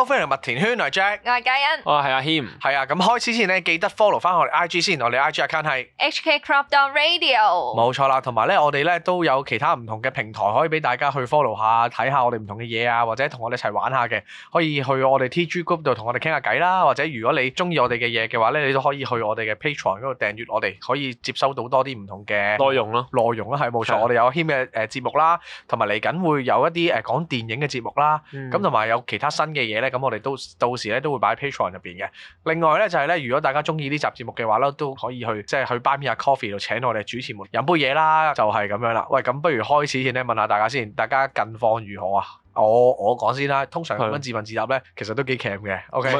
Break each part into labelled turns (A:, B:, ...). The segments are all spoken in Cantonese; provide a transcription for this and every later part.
A: 歡迎麥田圈，我係 Jack，我係 Kayan，啊，係阿 Him，係啊。咁開始之前咧，記得 follow 翻我哋 IG 先，我哋 IG account 係
B: HK Crop dot Radio，
A: 冇錯啦，同埋咧我哋咧都有其他唔同嘅平台可以俾大家去 follow 下，睇下我哋唔同嘅嘢啊，或者同我哋一齊玩下嘅，可以去我哋 TG Group 度同我哋傾下偈啦，或者如果你中意我哋嘅嘢嘅話咧，你都可以去我哋嘅 Patreon 嗰度訂閱我哋，可以接收到多啲唔同嘅內容咯，內容咯係冇錯，我哋有 Him 嘅誒節目啦，同埋嚟緊會有一啲誒講電影嘅節目啦，咁同埋有其他新嘅嘢。咧咁我哋都到時咧都會擺喺 Patreon 入邊嘅。另外咧就係咧，如果大家中意呢集節目嘅話咧，都可以去即係、就是、去 Buy Me A Coffee 度請我哋主持們飲杯嘢啦，就係、是、咁樣啦。喂，咁不如開始先咧問下大家先，大家近況如何啊？我我講先啦，通常咁樣自問自答咧，其實都幾慚嘅。O K，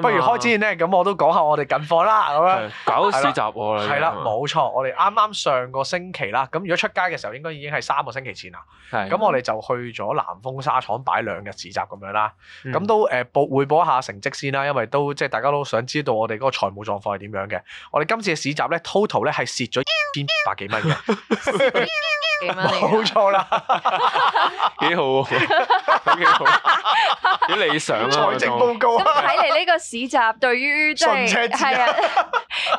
A: 不如開始咧，咁我都講下我哋近況啦。咁啊，搞市集喎，係啦，冇錯。我哋啱啱上個星期啦，咁如果出街嘅時候應該已經係三個星期前啦。咁我哋就去咗南豐紗廠擺兩日市集咁樣啦。咁都誒報匯報一下成績先啦，因為都即係大家都想知道我哋嗰個財務狀況係點樣嘅。我哋今次嘅市集咧，total 咧係蝕咗二千二百幾蚊嘅，冇錯啦，
C: 幾好。咁幾好，幾理想啊！財政報告
B: 咁睇嚟，呢個市集對於即係係啊，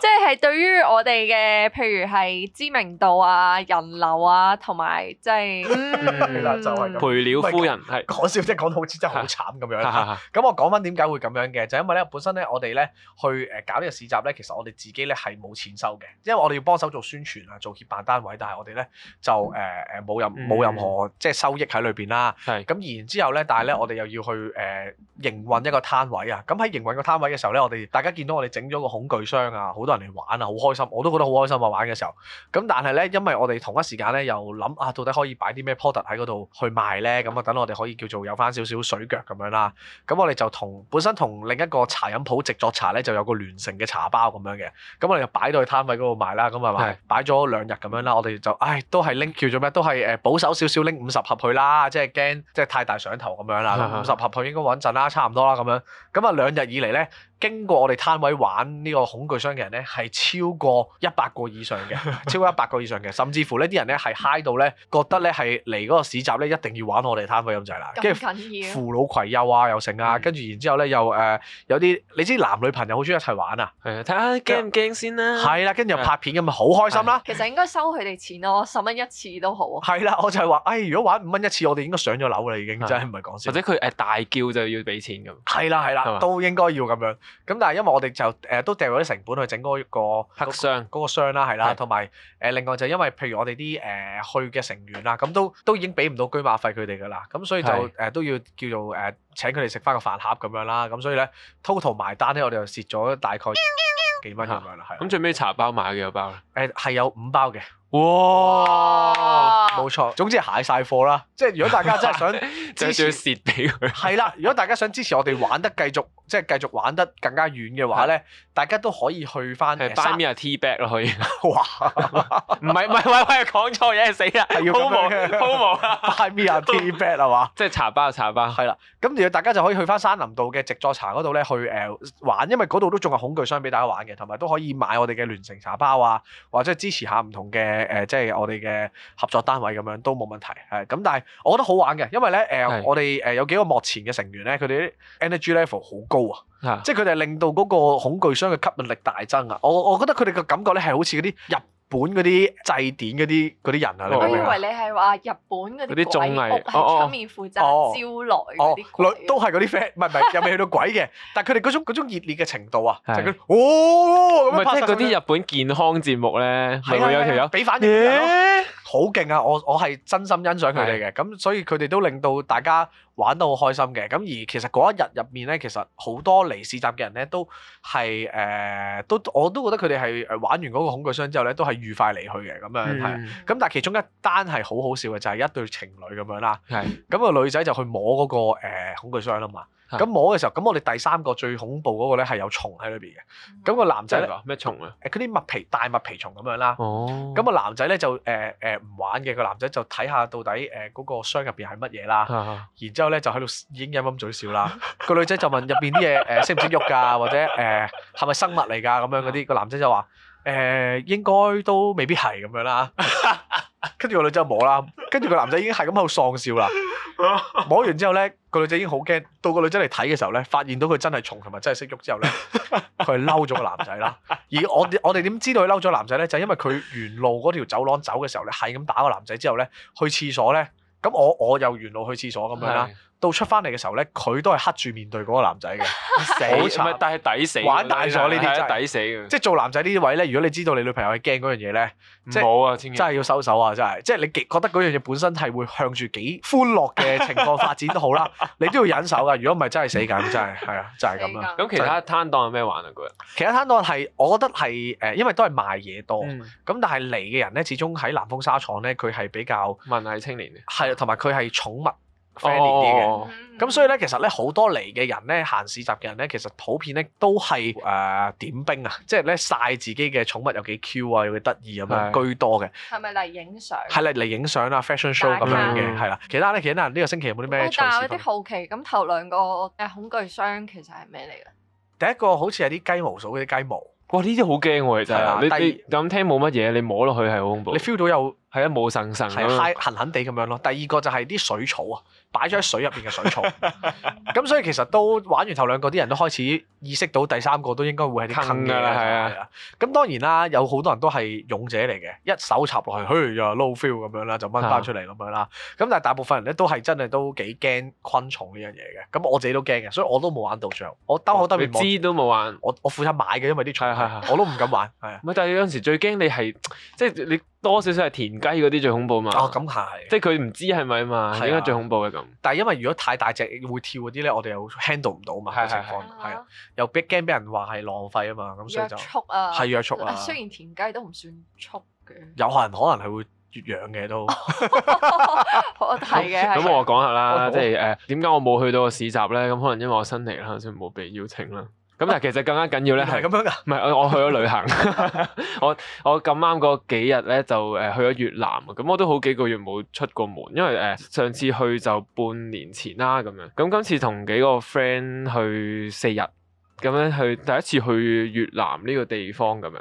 B: 即係對於我哋嘅譬如係知名度啊、人流啊，同埋即
A: 係，嗯，就係培料夫人係講笑，即係講到好似真係好慘咁樣。咁我講返點解會咁樣嘅，就因為咧，本身咧我哋咧去誒搞呢個市集咧，其實我哋自己咧係冇錢收嘅，因為我哋要幫手做宣傳啊，做協辦單位，但係我哋咧就誒誒冇任冇任何即係收益喺裏邊啦。係。咁然之後咧，但係咧，我哋又要去誒營運一個攤位啊。咁喺營運個攤位嘅時候咧，我哋大家見到我哋整咗個恐懼箱啊，好多人嚟玩啊，好開心，我都覺得好開心啊，玩嘅時候。咁但係咧，因為我哋同一時間咧又諗啊，到底可以擺啲咩 product 喺嗰度去賣咧？咁啊，等我哋可以叫做有返少少水腳咁樣啦。咁我哋就同本身同另一個茶飲鋪直作茶咧，就有個聯乘嘅茶包咁樣嘅。咁我哋就擺到去攤位嗰度賣啦。咁啊，擺咗兩日咁樣啦。我哋就唉、哎，都係拎叫做咩？都係誒保守少少拎五十盒去啦，即係驚。即係太大上頭咁樣啦，五十合佢應該穩陣啦，差唔多啦咁樣。咁啊兩日以嚟咧。經過我哋攤位玩呢個恐懼箱嘅人咧，係超過一百個以上嘅，超過一百個以上嘅，甚至乎呢啲人咧係嗨到咧，覺得咧係嚟嗰個市集咧一定要玩我哋攤位咁滯啦。咁緊要。扶老攜幼啊，又成啊，跟住然之後咧又誒有啲，你知男女朋友好中意一齊玩啊。係啊，睇下驚唔驚先啦。係啦，跟住又拍片咁咪好開心啦。
B: 其實應該收佢哋錢咯，十蚊一次都好。
A: 係啦，我就係話，誒如果玩五蚊一次，我哋應
C: 該上咗樓啦，已經真係唔係講笑。或者佢誒大叫就要俾錢咁。係啦係啦，都
A: 應該要咁樣。咁但係因為我哋就誒、呃、都掉咗啲成本去整嗰、個黑箱嗰個箱啦，係啦，同埋誒另外就因為譬如我哋啲誒去嘅成員啦，咁都都已經俾唔到居馬費佢哋噶啦，咁所以就誒是的、呃、都要叫做誒、呃、請佢哋食翻個飯盒咁樣啦，咁所以咧 total 埋單咧，我哋又蝕咗大概幾蚊咁樣啦，係、啊。咁最尾茶包買咗幾多包咧？誒係有五包嘅，哇！冇錯，總之係蟹曬貨啦。即係如果大家真係想即係要蝕
C: 俾佢，係
A: 啦。如果大家想支持我哋玩得繼續，即係繼續玩得更加遠嘅話咧，大家都可以去翻，Buy me
C: a tea bag 咯可以。哇！唔係唔係，喂喂，講錯嘢死啦 promo promo，Buy
A: me a tea bag 係嘛？
C: 即係茶包啊茶包，
A: 係啦。咁而家大家就可以去翻山林道嘅植作茶度咧去誒玩，因為度都仲有恐懼箱俾大家玩嘅，同埋都可以買我哋嘅聯乘茶包啊。或者支持下唔同嘅誒即係我哋嘅合作單位咁樣都冇問題，係咁。但係我覺得好玩嘅，因為咧誒、呃、是的 我哋誒有幾個幕前嘅成員咧，佢哋啲 energy level 好高啊，是的 即係佢哋令到個恐懼箱嘅吸引力大增啊。我我覺得佢哋嘅感覺咧係好似啲入日本嗰啲祭典嗰啲嗰啲人啊，你我以為你係
B: 話日本嗰啲綜藝喺出面負責招來嗰啲鬼，鬼都係嗰啲 friend，唔係唔係，又未
A: 去到鬼嘅， 但係佢哋嗰種嗰種熱烈嘅程度啊，是就是、哦，哦，
C: 唔係即係嗰啲日本健康節目咧，係、啊
A: 啊啊啊啊、會有條友俾反好勁啊！我我係真心欣賞佢哋嘅，咁的所以佢哋都令到大家玩得好開心嘅。咁而其實嗰一日入面咧，其實好多嚟市集嘅人咧，都係誒、呃，都我都覺得佢哋係誒玩完嗰個恐懼箱之後咧，都係愉快離去嘅咁樣係。咁的的但係其中一單係好好笑嘅，就係、是、一對情侶咁樣啦。係咁的個女仔就去摸嗰、那個、呃、恐懼箱啊嘛。咁摸嘅時候，咁我哋第三個最恐怖嗰個咧係有蟲喺裏邊嘅。咁、嗯、個男仔咧，咩蟲啊？誒，啲麥皮大麥皮蟲咁樣啦。哦。咁個男仔咧就誒誒唔玩嘅，個男仔就睇下到底誒嗰、呃嗰個箱入邊係乜嘢啦。嗯嗯、然之後咧就喺度已經陰陰嘴笑啦。 個女仔就問入邊啲嘢誒識唔識喐㗎，或者誒係咪生物嚟㗎咁樣嗰啲。個男仔就話。誒、呃、應該都未必係咁樣啦，跟住個女仔就摸啦，跟住個男仔已經係咁喺度喪笑啦。摸完之後咧，個女仔已經好驚。到個女仔嚟睇嘅時候咧，發現到佢真係蟲同埋真係識喐之後咧，佢係嬲咗個男仔啦。而我我哋點知道佢嬲咗男仔咧？就係、因為佢沿路嗰條走廊走嘅時候咧，係咁打個男仔之後咧，去廁所咧。咁我我又沿路去廁所咁樣啦。到出翻嚟嘅時候咧，佢都係黑住面對嗰個男仔嘅，
C: 死，但係抵死玩大咗呢啲，係抵死
A: 即係做男仔呢啲位咧，如果你知道你女朋友係驚嗰樣嘢咧，唔好啊，真係要收手啊，真係。即係你極覺得嗰樣嘢本身係會向住幾歡樂嘅情況發展都好啦，你都要忍手㗎。如果唔係，真係死梗，真係係啊，就係咁啦。咁其他
C: 攤檔有咩玩啊？佢
A: 其他攤檔係我覺得係誒，因為都係賣嘢多。咁但係嚟嘅人咧，始終喺南豐紗廠咧，佢係比較文藝青年嘅，係啊，同埋佢係寵物
C: family
A: 嘅，咁所以咧，其實咧好多嚟嘅人咧，行市集嘅人咧，其實普遍咧都係誒點兵啊，即係咧晒自己嘅寵物有幾 Q 啊，有幾得意咁樣居多嘅。係
B: 咪嚟影相？係
A: 嚟嚟影相啊，fashion show 咁樣嘅，係啦。其他咧，其他
C: 呢個星期有冇啲咩？啲
B: 好奇，咁頭兩個嘅恐懼箱其實係咩嚟嘅？
A: 第一個好似係啲雞毛掃嗰啲雞毛，
C: 哇呢啲好驚喎，真係。你咁聽冇乜嘢，你摸落去係好恐怖，你 feel 到有係一毛神神，係吓
A: 痕痕地咁樣咯。第二個就係啲水草啊。擺咗喺水入邊嘅水槽，咁 所以其實都玩完頭兩個，啲人都開始意識到第三個都應該會係啲坑嘅啦，係啊。咁 當然啦，有好多人都係勇者嚟嘅，一手插落去，嘿就係 low feel 咁樣啦，就掹翻出嚟咁樣啦。咁的但係大部分人咧都係真係都幾驚昆蟲呢樣嘢嘅。咁我自己都驚嘅，所以我都冇玩到最後我兜口兜知
C: 都冇我玩。我我負責買嘅，因為啲蟲， 我都唔敢玩。係咪？ 但係有陣時最驚你係即係你。多少少係田雞嗰啲最恐怖嘛，哦咁係，即係佢唔知係咪啊嘛，應該最恐怖嘅咁。但係因為如果太大隻會跳嗰啲咧，我哋又 handle 唔到嘛，係係係，又
A: 俾驚俾人話係浪費啊嘛，咁所以就
B: 係約束啊。雖然田雞都唔算約束嘅。
C: 有客人可能係會越養嘅都，
B: 係嘅。咁我
C: 講下啦，即係誒點解我冇去到個市集咧？咁可能因為我新嚟啦，所以冇被邀請啦。咁但係其實更加緊要咧係，唔係咁樣噶，唔係我去咗旅行， 我我咁啱嗰幾日咧就誒去咗越南，咁我都好幾個月冇出過門，因為誒上次去就半年前啦咁樣，咁今次同幾個 friend 去四日，咁樣去第一次去越南呢個地方咁樣，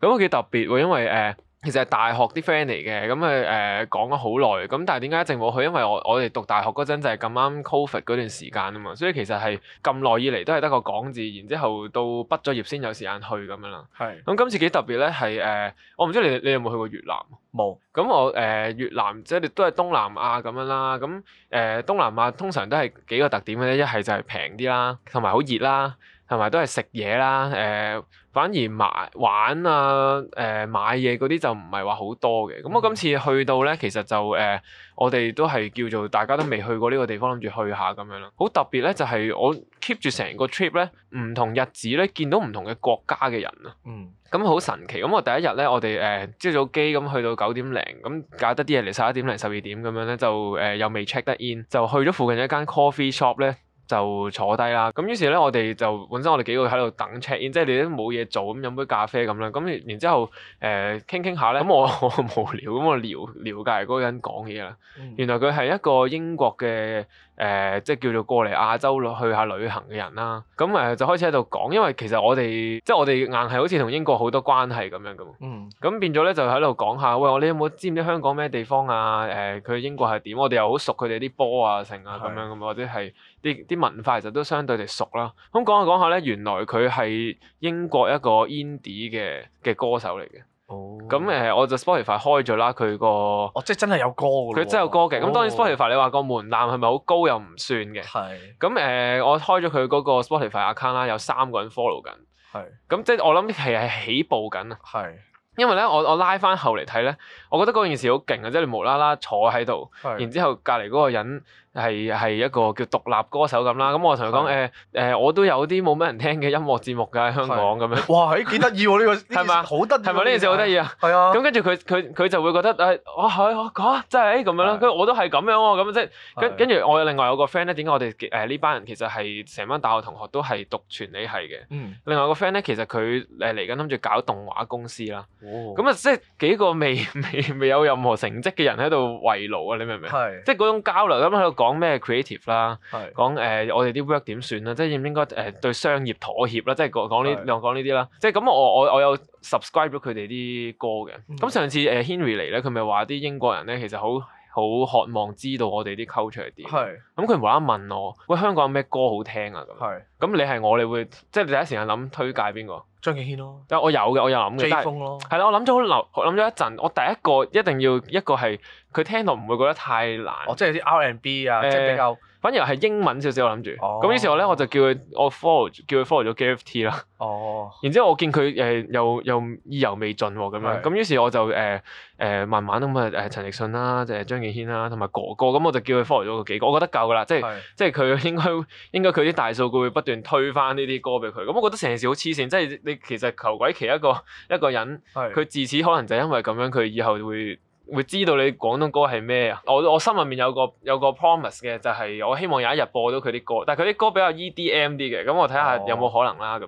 C: 咁幾特別喎，因為誒。呃其實係大學啲 friend 嚟嘅，咁誒誒講咗好耐，咁但係點解一直冇去？因為我我哋讀大學嗰陣就係咁啱 COVID 嗰段時間啊嘛，所以其實係咁耐以嚟都係得個講字，然之後到畢咗業先有時間去咁樣啦。係是。咁、嗯、今次幾特別咧？係誒、呃，我唔知你你有冇去過越南？冇沒。咁、嗯、我誒、呃、越南即係都係東南亞咁樣啦。咁、呃、誒東南亞通常都係幾個特點嘅咧，一係就係平啲啦，同埋好熱啦，同埋都係食嘢啦，誒、呃。反而買玩啊，誒、呃、買嘢嗰啲就唔係話好多嘅。咁、嗯、我今次去到咧，其實就誒、呃，我哋都係叫做大家都未去過呢個地方，諗住去下咁樣咯。好特別咧，就係我 keep 住成個 trip 咧，唔同日子咧見到唔同嘅國家嘅人啊。嗯。咁好神奇。咁我第一日咧，我哋誒朝早機咁去到九點零，咁搞得啲嘢嚟十一點零、十二點咁樣咧，就誒、呃、又未 check 得 in，就去咗附近一間 coffee shop 咧。就坐低啦，咁於是咧，我哋就本身我哋幾個喺度等 check in，即係你都冇嘢做，咁飲杯咖啡咁啦，咁然之後誒傾傾下咧，咁 我我無聊，咁我了了解嗰個人講嘢啦，嗯、原來佢係一個英國嘅。誒、呃，即係叫做過嚟亞洲去下旅行嘅人啦，咁、啊、誒就開始喺度講，因為其實我哋即係我哋硬係好似同英國好多關係咁樣噶。嗯。咁變咗咧就喺度講下，喂，我哋有冇知唔知香港咩地方啊？誒、呃，佢英國係點？我哋又好熟佢哋啲波啊，成啊咁樣咁，是或者係啲啲文化其實都相對地熟啦。咁講下講下咧，原來佢係英國一個 indie 嘅嘅歌手嚟嘅。哦，咁、呃、誒，我就 Spotify 開咗啦，佢、那個哦、
A: 喔、即係真係有歌㗎，佢真係有歌嘅。咁、哦、當然
C: Spotify 你話個門檻係咪好高又唔算嘅？係是的。咁、呃、誒，我開咗佢嗰個 Spotify account 啦，有三個人 follow 緊。係、嗯。咁即係我諗係係起步緊啊。係。是的 因為咧，我我拉翻後嚟睇咧，我覺得嗰件事好勁啊！即你無啦啦坐喺度，是的 然之後隔離嗰個人。係係一個叫獨立歌手咁啦，咁我同佢講，誒誒，我都有啲冇乜人聽嘅音樂節目噶，香港咁樣。哇，咦，幾得意喎呢個係咪？好得意，係咪呢件事好得意啊？係啊。咁跟住佢佢佢就會覺得誒，我係我講真係誒咁樣啦，跟我都係咁樣啊，咁即係跟跟住我另外有個 friend 咧，點解我哋誒呢班人其實係成班大學同學都係讀傳理系嘅。另外個 friend 咧，其實佢誒嚟緊諗住搞動畫公司啦。哦。咁啊，即係幾個未未未有任何成績嘅人喺度圍爐啊，你明唔明？即係嗰種交流咁喺度講咩 creative 啦，講誒、呃、我哋啲 work 點算啦，即係應唔應該誒、呃、對商業妥協啦，即係講講呢兩對 講呢啲啦。即係咁，我我我有 subscribe 咗佢哋啲歌嘅。咁、嗯、上次誒 Henry 嚟咧，佢咪話啲英國人咧其實好好渴望知道我哋啲 culture 係點。咁，佢無啦啦問我，喂，香港有咩歌好聽啊？咁，咁你係我，你會即係你第一時間諗推介邊個？張敬軒咯，但我有嘅，我有諗嘅，J 風咯但係係啦，我諗咗好耐，我諗咗一陣，我第一個一定要一個係佢聽到唔會覺得太難、哦，即係啲 R&B 啊，呃、即係比較。反而係英文少少，我諗住，咁於是咧我就叫佢我 follow，叫佢 follow 咗 GFT 啦。哦。然之後我見佢誒又又意猶未盡喎，咁樣，咁於是我就誒誒慢慢咁啊誒陳奕迅啦，就係張敬軒啦，同埋哥哥，咁我就叫佢 follow 咗個幾個，我覺得夠噶啦，即係是的 即係佢應該應該佢啲大數據會不斷推翻呢啲歌俾佢，咁我覺得成件事好黐線，即係你其實求鬼其一個一個人，佢是的 自此可能就係因為咁樣，佢以後會,會。會知道你廣東歌係咩啊？我我心入面有個有個 promise 嘅，就係我希望有一日播到佢啲歌，但係佢啲歌比較 EDM 啲嘅，咁我睇下有冇可能啦咁。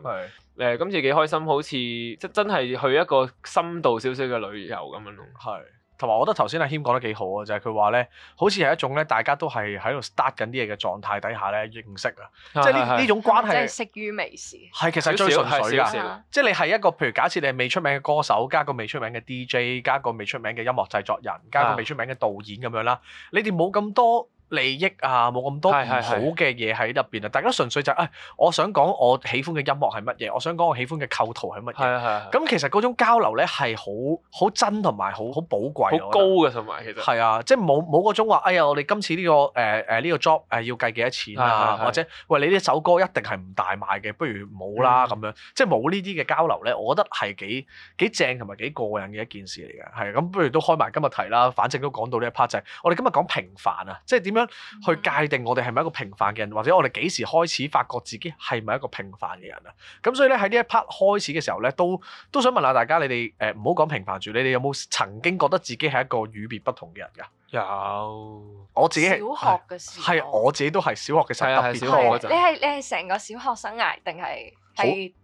C: 係，誒今次幾開心，好似即真係去一個深度少少嘅旅遊咁樣咯。係。同埋，我覺得頭先阿謙講得幾好啊，就係佢話咧，好似係一種咧，大家都係喺
A: 度 start 緊啲嘢嘅狀態底下咧認識啊，的即係呢呢種關係，即係
B: 識於微時，係其實最純粹噶，即
A: 係你係一個譬如假設你係未出名嘅歌手，加個未出名嘅 DJ，加個未出名嘅音樂製作人，加個未出名嘅導演咁樣啦，的你哋冇咁多利益啊，冇咁多唔好嘅嘢喺入邊啊！是是是大家純粹就是，係、哎、我想講我喜歡嘅音樂係乜嘢，我想講我喜歡嘅構圖係乜嘢。咁是其實嗰種交流咧係好好真同埋好好寶貴好高嘅同埋其實係啊，即係冇冇嗰種話，哎呀，我哋今次呢、呢個誒誒呢個 job 誒、呃、要計幾多錢啊，是是是或者喂你呢首歌一定係唔大賣嘅，不如冇啦咁、嗯、樣即係冇呢啲嘅交流咧，我覺得係幾幾正同埋幾過癮嘅一件事嚟嘅。係咁，不如都開埋今日題啦。反正都講到呢一 part 就係、是、我哋今日講平凡啊，即係點樣。嗯、去界定我哋係咪一個平凡嘅人，或者我哋幾時開始發覺自己係咪一個平凡嘅人啊？咁所以咧喺呢一 part 開始嘅時候咧，都都想問下大家，你哋誒唔好講平凡住，你哋有冇曾經覺得自己係一個與別不同嘅人㗎？有我，哎，我
B: 自己係小學嘅時候，係
A: 我自己都係小學嘅時候特別酷嗰
B: 陣。你係你係成個小學生涯定係？係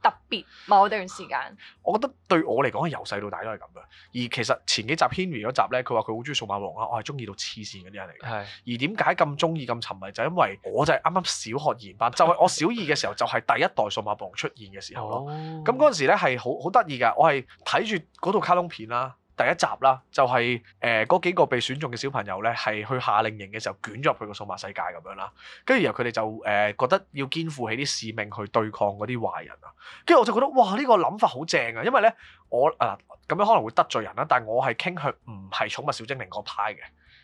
B: 好特別某段時間，
A: 我覺得對我嚟講係由細到大都係咁嘅。而其實前幾集 Henry 嗰集咧，佢話佢好中意數碼暴龍啦，我係中意到黐線嗰啲人嚟嘅。是而點解咁中意咁沉迷就係、因為我就係啱啱小學二年班，就係、係、我小二嘅時候 就係第一代數碼暴龍出現嘅時候咯。咁嗰陣時咧係好好得意㗎，我係睇住嗰套卡通片啦。第一集啦、就係，就係誒嗰幾個被選中嘅小朋友咧，係去夏令營嘅時候捲咗入去個數碼世界咁樣啦，跟住然後佢哋就誒、呃、覺得要肩負起啲使命去對抗嗰啲壞人啊，跟住我就覺得哇呢、呢個諗法好正啊，因為咧我誒咁、呃、樣可能會得罪人啦，但我係傾向唔係寵物小精靈嗰派嘅。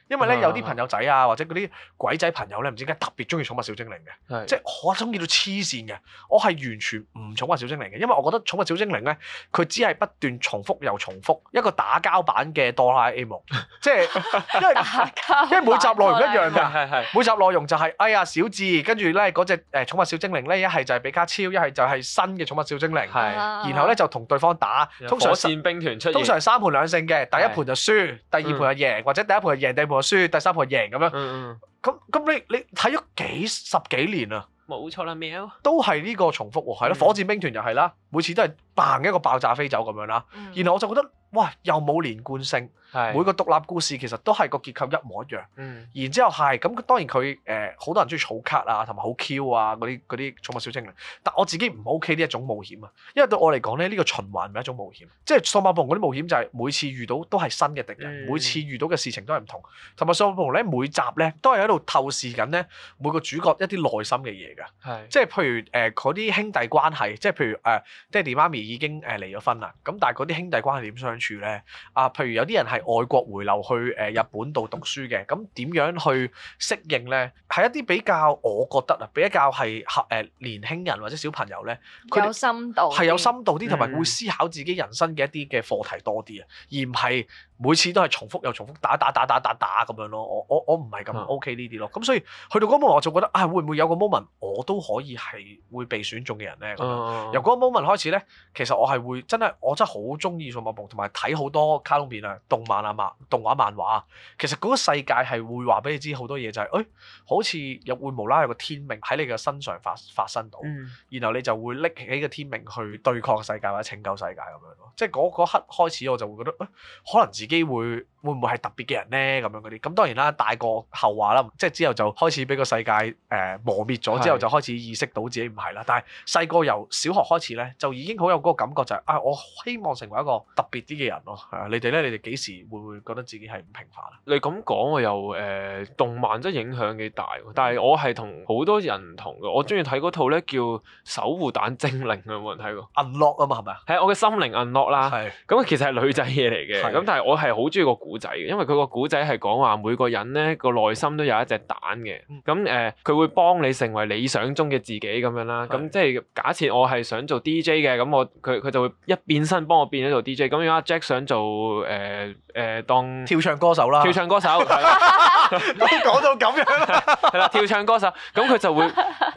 A: 因為咧有啲朋友仔啊，或者嗰啲鬼仔朋友咧，唔知點解特別中意寵物小精靈嘅，是的 即係我中意到黐線嘅。我係完全唔寵物小精靈嘅，因為我覺得寵物小精靈咧，佢只係不斷重複又重複一個打交版嘅哆啦 A 夢， 即係因為 打架打架因為每集內容一樣嘅，係係。的每集內容就係、是、哎呀，小智，跟住咧嗰隻誒寵物小精靈咧，一係就係比卡超，一係就係新嘅寵物小精靈，係的。然後咧就同對方打，通常火箭兵團出現，通常三盤兩勝嘅，第一盤就輸，的第二盤就贏，或者第一盤就贏第輸，第三個贏咁樣，咁咁、嗯嗯、你你睇咗幾十幾年啊？
C: 冇錯啦，咩
A: 都係呢個重複喎，係咯，嗯、火箭兵團又係啦，每次都係嘭一個爆炸飛走咁樣啦，嗯嗯，然後我就覺得。哇！又冇連貫性，是每個獨立故事其實都係個結構一模一樣。嗯、然之後係咁，當然佢誒好多人中意儲卡啊，同埋好 Q 啊嗰啲嗰啲《寵物小精靈》，但我自己唔 OK 呢一種冒險啊，因為對我嚟講咧，呢、呢個循環係一種冒險。即係《數碼暴龍》嗰啲冒險就係每次遇到都係新嘅敵人，嗯、每次遇到嘅事情都係唔同，同埋《數碼暴龍》咧每集咧都係喺度透視緊咧每個主角一啲內心嘅嘢㗎。是即係譬如誒嗰啲兄弟關係，即係譬如誒爹哋媽咪已經誒離咗婚啦，咁但係嗰啲兄弟關係點算？處咧啊，譬如有啲人係外國回流去誒日本度讀書嘅，咁點樣去適應咧？係一啲比較，我覺得啊，比較係合誒年輕人或者小朋友咧，佢有深度，係有深度啲，同埋會思考自己人生嘅一啲嘅課題多啲啊，而唔係。每次都係重複又重複打打打打打打咁樣咯，我我我唔係咁 OK 呢啲咯，咁、嗯、所以去到嗰幕我就覺得啊、哎、會唔會有個 moment 我都可以係會被選中嘅人咧？由嗰、嗯、個 moment 開始咧，其實我係會真係我真係好中意《數碼暴龍》同埋睇好多卡通片啊、動漫啊、漫動畫漫畫啊。其實嗰個世界係會話俾你知、就係哎、好多嘢，就係誒好似又會無啦啦有個天命喺你嘅身上發發生到，嗯、然後你就會拎起個天命去對抗世界或者拯救世界咁樣咯。即係嗰嗰刻開始我就會覺得誒可能自機會。會唔會係特別嘅人呢？咁樣啲咁當然啦，大個後話啦，即係之後就開始俾個世界誒、呃、磨滅咗，之後就開始意識到自己唔係啦。但係細個由小學開始咧，就已經好有嗰個感覺、就係，就係啊，我希望成為一個特別啲嘅人咯、啊。你哋咧，你哋幾時
C: 會唔會覺得自己係唔平凡？你咁講我又誒、呃、動漫真係影響幾大，但係我係同好多人唔同嘅。我中意睇嗰套咧叫《守護蛋精靈》，有冇人睇過？Unlock 啊嘛係咪啊？係我嘅心靈 Unlock 啦是。係咁，其實係女仔嘢嚟嘅。係咁的，但係我係好中意個古仔，因為佢個古仔係講話每個人咧，個內心都有一隻蛋嘅，咁誒佢會幫你成為理想中嘅自己咁樣啦。咁即係假設我係想做 DJ 嘅，咁我佢佢就會一變身幫我變咗做 DJ。咁如果 Jack 想做誒誒、呃呃、當跳唱歌手啦，跳唱歌手，都講到咁樣，係 啦， 跳唱歌手，咁佢就會。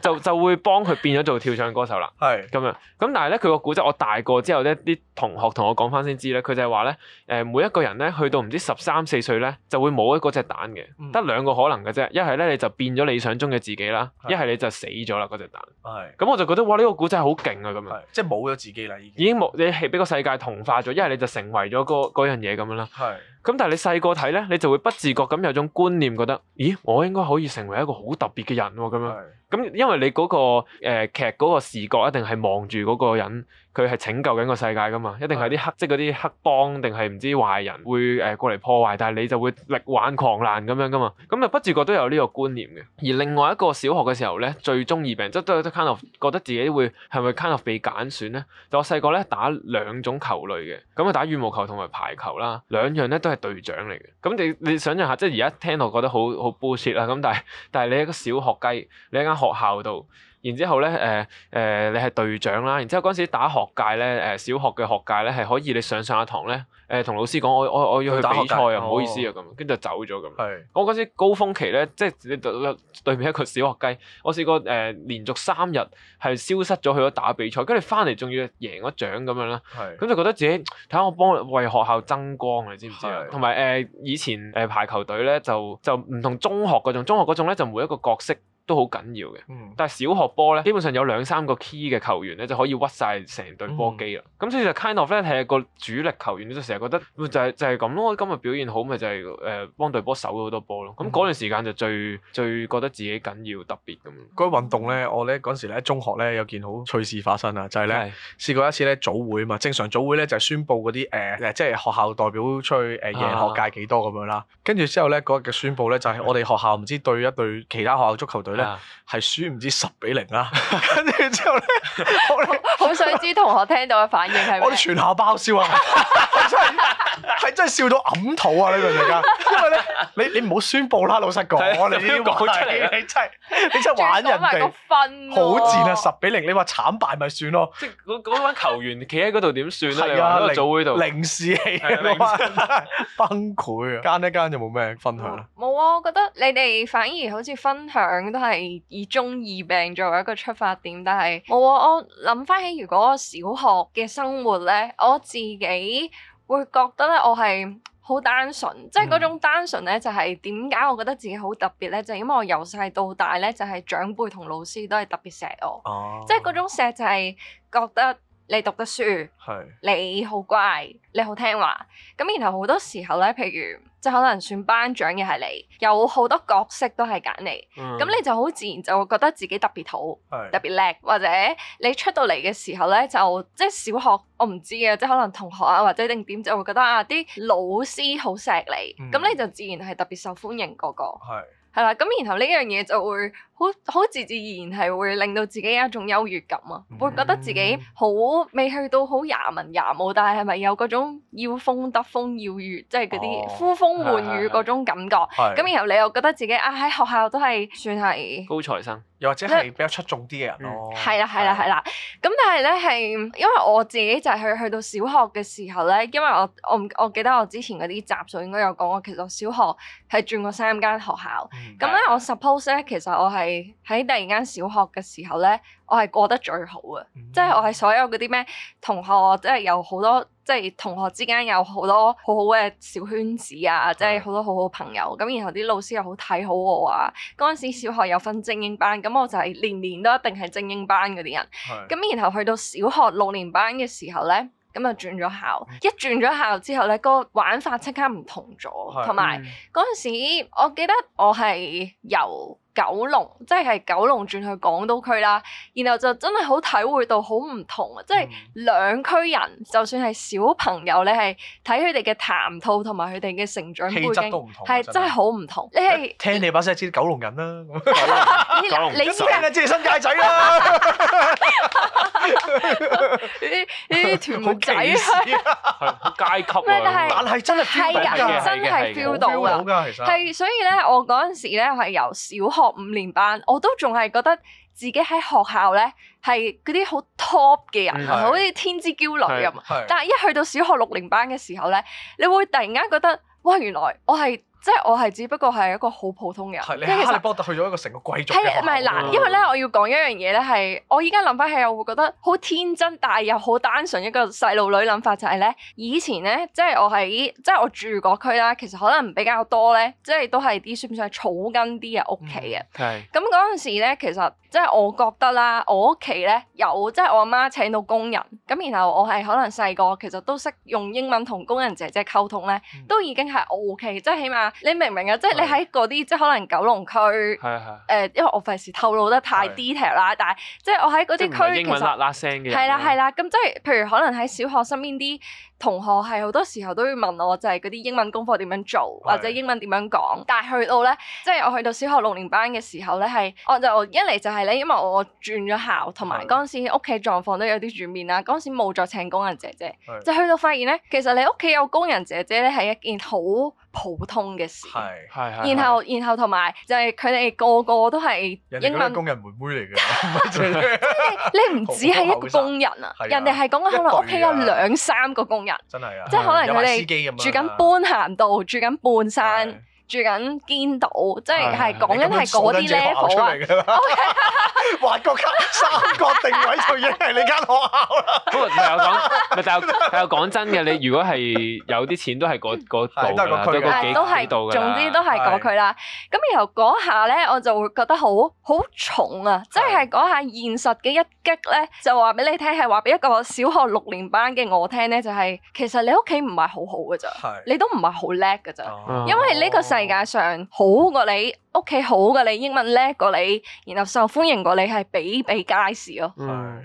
C: 就就會幫佢變咗做跳唱歌手啦。係咁是樣咁，但係咧佢個古仔，我大個之後咧，啲 同學同我講翻先知咧，佢就係話咧，誒、呃、每一個人咧去到唔知十三四歲咧，就會冇一嗰隻蛋嘅，得兩個可能嘅啫。一係咧你就變咗理想中嘅自己啦，一係是你就死咗啦嗰隻蛋。係咁是我就覺得哇呢、這個古仔好勁啊咁樣，即係冇咗自己啦，已經已經冇你係俾個世界同化咗，一係你就成為咗、那個嗰樣嘢咁樣啦。係咁是，但係你細個睇咧，你就會不自覺咁有種觀念覺得，咦我應該可以成為一個好特別嘅人喎咁樣。是 咁因為你嗰個、誒、呃、劇嗰個視角一定係望住嗰個人。佢係拯救緊個世界噶嘛，一定係啲黑是的 即嗰啲黑幫定係唔知壞人會誒過嚟破壞，但係你就會力挽狂瀾咁樣噶嘛，咁就不自覺都有呢個觀念嘅。而另外一個小學嘅時候咧，最鍾意病即係都有得 kind of 覺得自己會係咪 kind of 被揀選咧？就我細個咧打兩種球類嘅，咁啊打羽毛球同埋排球啦，兩樣咧都係隊長嚟嘅。咁你你想像下，即係而家聽落覺得好好 bullshit 啦，咁但係但係你一個小學雞，你一間學校度。然之後咧，誒、呃、誒、呃，你係隊長啦。然之後嗰陣時打學界咧，誒、呃、小學嘅學界咧係可以你上上一堂咧，誒、呃、同老師講我我我要去比賽啊，唔好意思啊咁，跟住、哦、就走咗咁。係是我嗰陣時高峰期咧，即係你對面一個小學雞，我試過誒、呃、連續三日係消失咗去咗打比賽，跟住翻嚟仲要贏咗獎咁樣啦。係咁是就覺得自己睇下我幫為學校增光，你知唔知啊？同埋誒以前誒排球隊咧就就唔同中學嗰種，中學嗰種咧就每一個角色，都好緊要嘅，但係小學波咧，基本上有兩三個 key 嘅球員咧，就可以屈晒成隊波機啦。咁所以其實 kind of 咧係個主力球員，就成日覺得就係、是、就係、是、咁咯。今日表現好咪就係、是、誒、呃、幫隊波守咗好多波咯。咁嗰段時間就最、嗯、最覺得自己緊要特別咁樣。
A: 嗰個運動咧，我咧嗰陣時咧中學咧有件好趣事發生啊，就係、是、咧的試過一次咧早會啊嘛，正常早會咧就係、是、宣佈嗰啲誒即係學校代表出去誒、呃、贏學界幾多咁樣啦。跟住、啊、之後咧嗰日嘅宣佈咧就係、是、我哋學校唔知對一對其他學校足球隊。佢咧係輸唔知十比零啦、啊，跟住
B: 之後咧，好 想知同學聽到嘅反應係咪？ 我哋全校
A: 爆笑啊！ 真係係真係笑到揞肚啊！呢段時間，因為咧，你你唔好宣佈啦，老實講，你啲講出嚟。你真
B: 係你真係玩人哋，好賤啊！十
A: 比零，你話慘敗咪算咯？即係嗰班
C: 球員企喺嗰度點算咧？你話喺早會度零士氣
A: 啊，崩潰啊！間一間有冇咩分享？冇
B: 啊！我覺得你哋反而好似分享都係以中二病作為一個出發點，但係冇啊！我諗翻起如果小學嘅生活咧，我自己。會覺得咧，我係好單純，即係嗰種單純咧，就係點解我覺得自己好特別咧？就係因為我由細到大咧，就係長輩同老師都係特別錫我，即係嗰種錫就係覺得你讀得書，Yes. 你好乖，你好聽話，咁然後好多時候咧，譬如。即係可能選班長嘅係你，有好多角色都係揀你，咁、嗯、你就好自然就會覺得自己特別好，是的 特別叻，或者你出到嚟嘅時候咧，就即係小學我唔知嘅，即係可能同學啊或者定點就會覺得啊啲老師好錫你，咁、嗯、你就自然係特別受歡迎嗰、那個，係啦是的，咁然後呢樣嘢就會。好好自自然然係會令到自己一種優越感啊，會覺得自己好未去到好也文也武，但係係咪有嗰種要風得風要雨即係啲呼風喚雨嗰種感覺？咁然後你又覺得自己啊喺學校都係算係
A: 高材生，又或者係比較出眾啲嘅人咯？係
B: 啦係啦係啦，咁但係咧係因為我自己就係去去到小學嘅時候咧，因為我我我記得我之前嗰啲集數應該有講過，其實我小學係轉過三間學校，咁咧我 suppose 咧其實我係。喺突然間小學嘅時候咧，我係過得最好嘅，嗯、即係我係所有嗰啲咩同學，即係有好多，即係同學之間有好多好好嘅小圈子啊，是即係好多好好朋友。咁然後啲老師又好睇好我啊。嗰陣時小學有分精英班，咁我就係年年都一定係精英班嗰啲人。咁是然後去到小學六年班嘅時候咧，咁就轉咗校。一轉咗校之後咧，個玩法即刻唔同咗，同埋嗰陣時我記得我係由。九龍即係九龍轉去港島區啦，然後就真係好體會到好唔同啊！即係兩區人，就算係小朋友，你係睇佢哋嘅談吐同埋佢哋嘅成長背景，氣質都唔同，係真係好唔同。你係
A: 聽你把聲知九龍人啦，
B: 你聽你知新界仔啦，呢啲呢啲屯門仔
C: 好階級，但係真係 feel 到，真係 feel 到噶。係
B: 所以咧，我嗰陣時咧係由小學。學五年班，我都仲係覺得自己喺學校咧係啲好 top 嘅人，嗯、好似天之驕女咁。但係一去到小學六年班嘅時候咧，你會突然間覺得，哇，原來我係。即係我係只不過係一個好普通嘅人，係、即係哈利波
A: 特去咗一個成個貴族。係唔係嗱？嗯、因為咧，我
B: 要講一樣嘢咧，係我依家諗翻起，我會覺得好天真，但係又好單純一個細路女諗法就係咧，以前咧，即係我喺即係我住嗰區啦，其實可能比較多咧，即係都係啲算唔算係草根啲嘅屋企啊。係、嗯。咁嗰陣時咧，其實即係我覺得啦，我屋企咧有即係我阿媽，媽請到工人，咁然後我係可能細個其實都識用英文同工人姐姐溝通咧，嗯、都已經係 OK，即係起碼。你明唔明啊？即係你喺嗰啲即係可能九龍區，誒是的、呃，因為我費事透露得太 detail 啦。是的 但係即係我喺嗰啲區其實係啦係啦，咁即係譬如可能喺小學身邊啲同學係好多時候都要問我，就係嗰啲英文功課點樣做，或者英文點樣講。但係去到咧，即係我去到小學六年班嘅時候咧，係我就一嚟就係咧，因為我轉咗校，同埋嗰陣時屋企狀況都有啲轉變啦。嗰陣時冇再請工人姐姐，就去到發現咧，其實你屋企有工人姐姐咧，係一件好普通嘅
C: 事。然後
B: 然後同埋就係佢哋個個都係英文工人妹妹嚟嘅。你你唔止係一個工人啊，人哋係講可能屋企有兩三個工人。真係啊！即係、嗯、可能佢哋住緊般咸道，嗯、住緊半山。住緊堅道，即係係講緊係嗰啲 level 啊。OK，滑過級，三角定位
A: 就已經係你間學
C: 校啊。咁啊，唔係我講，唔係但係我講真嘅，你如果係有啲錢，都係嗰嗰度噶，都係嗰幾度嘅。總之都係嗰區啦。
B: 咁然後嗰下咧，我就會覺得好好重啊！即係嗰下現實嘅一擊咧，就話俾你聽，係話俾一個小學六年班嘅我聽咧，就係其實你屋企唔係好好㗎咋，你都唔係好叻㗎咋，因為呢個細。世界上好過你。屋企好㗎，你英文叻過你，然後受歡迎過你，係比比皆是咯。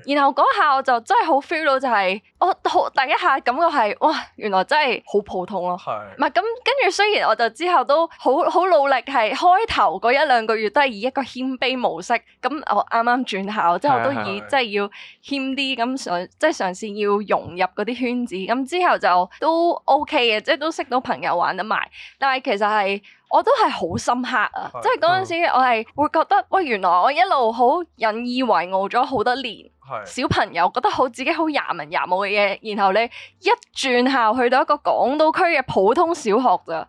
B: 然後嗰下我就真係好 feel 到，就是，就係我好第一下感覺係，哇，原來真係好普通咯，啊。唔係咁，跟住雖然我就之後都好好努力，係開頭嗰一兩個月都係以一個謙卑模式。咁我啱啱轉校之後，都以即係是要謙啲咁上，即係嘗試要融入嗰啲圈子。咁之後就都 OK 嘅，即係都識到朋友玩得埋。但係其實係。我都係好深刻啊！即係嗰陣時，我係會覺得喂，原來我一路好引以為傲咗好多年，小朋友覺得好自己好也文也武嘅嘢，然後你一轉校去到一個港島區嘅普通小學咋，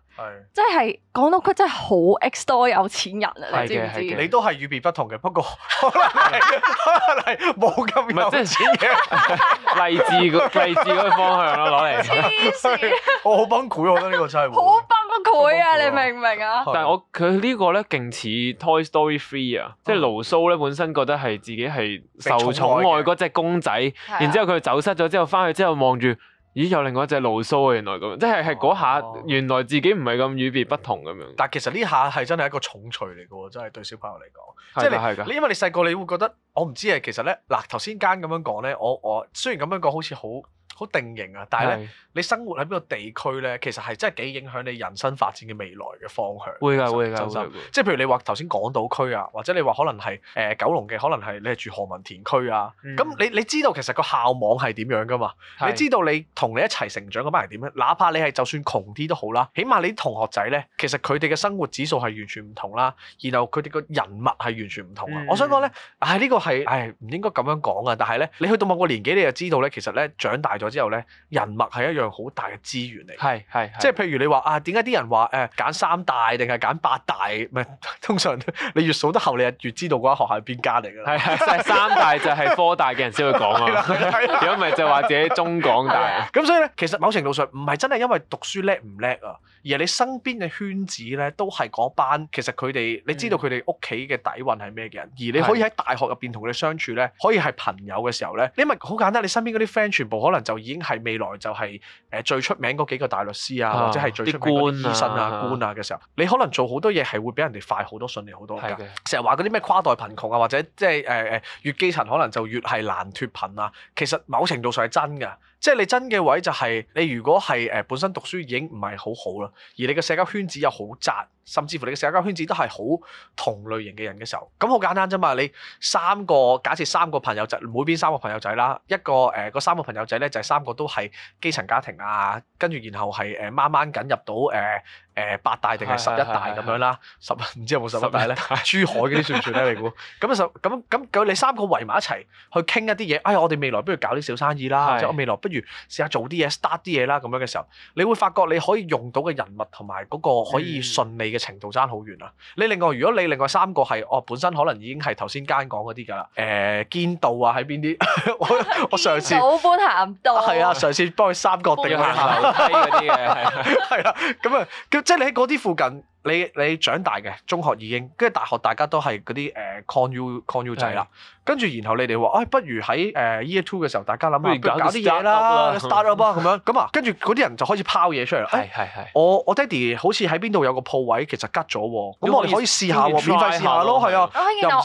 B: 即係港島區真係好 x 多有錢人啊！你知唔知？你都係
A: 與別不同嘅，不過可能係冇咁有錢嘅
B: 勵
C: 志，勵志個嗰個方向咯，攞嚟。
A: 我好崩潰，我覺得呢個真係。
B: 佢啊，你明唔明啊？但係
C: 我佢呢個咧，勁似 Toy Story Three 啊，嗯、即係露蘇咧本身覺得係自己係受寵愛嗰隻公仔，然之後佢走失咗之後，翻去之後望住，咦，有另外一隻露蘇啊，原來咁，即係係嗰下原來自己唔係咁與別不同咁樣、嗯。
A: 但其實呢下係真係一個重錘嚟嘅，真係對小朋友嚟講，
C: 即係的你，你的因
A: 為你細個你會覺得我唔知啊，其實咧嗱，頭先間咁樣講咧，我我，我雖然咁樣講好似好。好定型啊！但係咧，的你生活喺邊個地區咧，其實係真係幾影響你人生發展嘅未來嘅方向。會㗎，會㗎，會㗎。即係譬如你話頭先港島區啊，或者你話可能係誒、呃、九龍嘅，可能係你係住何文田區啊。咁、嗯、你你知道其實個校網係點樣㗎嘛？的你知道你同你一齊成長嘅班人點樣，哪怕你係就算窮啲都好啦，起碼你啲同學仔咧，其實佢哋嘅生活指數係完全唔同啦。然後佢哋個人脈係完全唔同啊！嗯嗯、我想講咧，唉、哎、呢、這個係唉唔應該咁樣講啊！但係咧，你去到某個年紀你就知道咧，其實咧長大咗。之後咧，人脈係一樣好大嘅資源嚟。係係，即係譬如你話啊，點解啲人話誒揀三大定係揀八大？唔係通常你越數得後，你就
C: 越知道嗰間學校係邊間嚟㗎啦。係三大就係科大嘅人先會講啊。如果唔係就或者中港大。
A: 咁所以咧，其實某程度上唔係真係因為讀書叻唔叻啊，而係你身邊嘅圈子咧，都係嗰班其實佢哋、嗯、你知道佢哋屋企嘅底蘊係咩嘅人，而你可以喺大學入邊同佢哋相處咧，可以係朋友嘅時候咧，你咪好簡單，你身邊嗰啲 friend 全部可能就已經係未來就係誒最出名嗰幾個大律師啊，或者係最出名嗰啲醫生啊、啊官啊嘅時候，啊、你可能做好多嘢係會比人哋快好多、順利好多㗎。成日話嗰啲咩跨代貧窮啊，或者即係誒誒越基層可能就越係難脫貧啊，其實某程度上係真㗎。即係你真嘅位就係你如果係誒本身讀書已經唔係好好啦，而你嘅社交圈子又好窄，甚至乎你嘅社交圈子都係好同類型嘅人嘅時候，咁好簡單啫嘛。你三個假設三,三個朋友仔每邊、呃、三個朋友仔啦，一個誒個三個朋友仔咧就係三個都係基層家庭啊，跟住然後係誒、呃、掹掹緊入到誒。呃誒八大定係十一大咁樣啦，的有有十唔知有冇十一大咧？珠海嗰啲算唔算咧？ 你估咁啊十咁咁佢你三個圍埋一齊去傾一啲嘢，哎呀我哋未來不如搞啲小生意啦，我的未來不如試下做啲嘢，start 啲嘢啦，咁樣嘅時候，你會發覺你可以用到嘅人物同埋嗰個可以順利嘅程度爭好遠啦。嗯、你另外如果你另外三個係哦本身可能已經係頭先間講嗰啲㗎啦，誒、呃、堅道啊喺邊啲？我我上次，好
B: 寶安道搬行，係啊， 上次
A: 幫佢三角頂下樓梯嗰啲嘅，係啊，咁啊 即係你喺嗰啲附近，你你長大嘅中學已經，跟住大學大家都係嗰啲誒 con u con u 仔啦。呃跟住，然後你哋話，哎，不如喺誒 Year Two 嘅時候，大家諗下，搞啲嘢啦，startup 啊，咁樣，咁啊，跟住嗰啲人就開始拋嘢出嚟啦。係係係。我我爹哋好似喺邊度有個鋪位，其實吉咗喎。咁我哋可以試下喎，免費試下咯，係啊。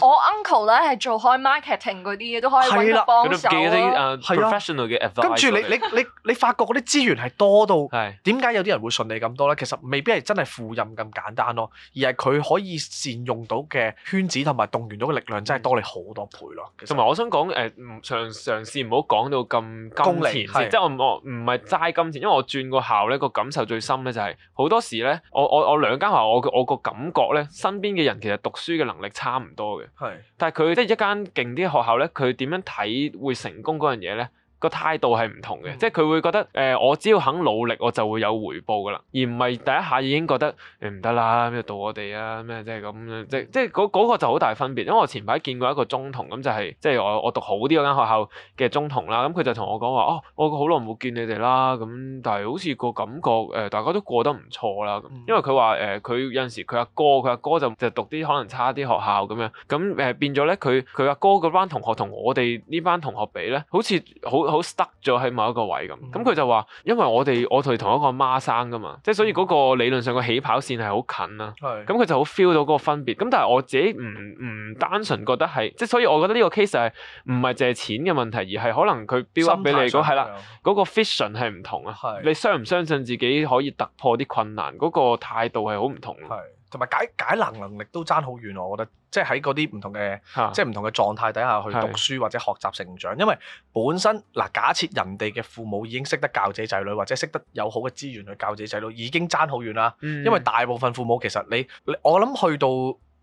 B: 我 uncle 咧係做開 marketing 嗰啲嘢，都可以幫手啦，佢哋啲 professional
A: 嘅 advice。跟住你你你你發覺嗰啲資源係多到，點解有啲人會順利咁多咧？其實未必係真係父蔭咁簡單咯，而係佢可以善用到嘅圈子同埋動員到嘅力量，真係多你好多倍。
C: 同埋，我想講誒，嘗嘗試唔好講到咁金錢，即係我我唔係齋金錢，因為我轉過校咧，個感受最深咧就係、是、好多時咧，我我我兩間學校，我我個感覺咧，身邊嘅人其實讀書嘅能力差唔多嘅，係是，但係佢即係一間勁啲學校咧，佢點樣睇會成功嗰樣嘢咧？個態度係唔同嘅，嗯、即係佢會覺得誒、呃，我只要肯努力，我就會有回報㗎啦，而唔係第一下已經覺得誒唔得啦，咩到我哋啊咩即係咁樣，即即係嗰、嗰個就好大分別。因為我前排見過一個中童，咁就係、係、即係我我讀好啲嗰間學校嘅中童啦，咁佢就同我講話哦，我好耐冇見你哋啦，咁但係好似個感覺誒、呃，大家都過得唔錯啦。嗯、因為佢話誒，佢、呃、有陣時佢阿哥佢阿哥就就讀啲可能差啲學校咁樣，咁誒、呃、變咗咧，佢佢阿哥嗰班同學同我哋呢班同學比咧，好似好～好 stuck 咗喺某一個位咁，咁佢、嗯、就話，因為我哋我同同一個媽媽生噶嘛，即係所以嗰個理論上嘅起跑線係好近啊，係是的、嗯，咁佢就好 feel 到嗰個分別。咁但係我自己唔唔單純覺得係，即係所以我覺得呢個 case 係唔係借錢嘅問題，而係可能佢標立俾你嗰係啦，嗰的個 vision 係唔同啊。是的 你相唔相信自己可以突破啲困難，嗰、那個態度係好唔同咯。
A: 同埋解解難能力都爭好遠，我覺得，即係喺嗰啲唔同嘅，啊、即係唔同嘅狀態底下去讀書或者學習成長，是的 因為本身嗱假設人哋嘅父母已經識得教自己仔女，或者識得有好嘅資源去教自己仔女，已經爭好遠啦。嗯、因為大部分父母其實你，我諗去到。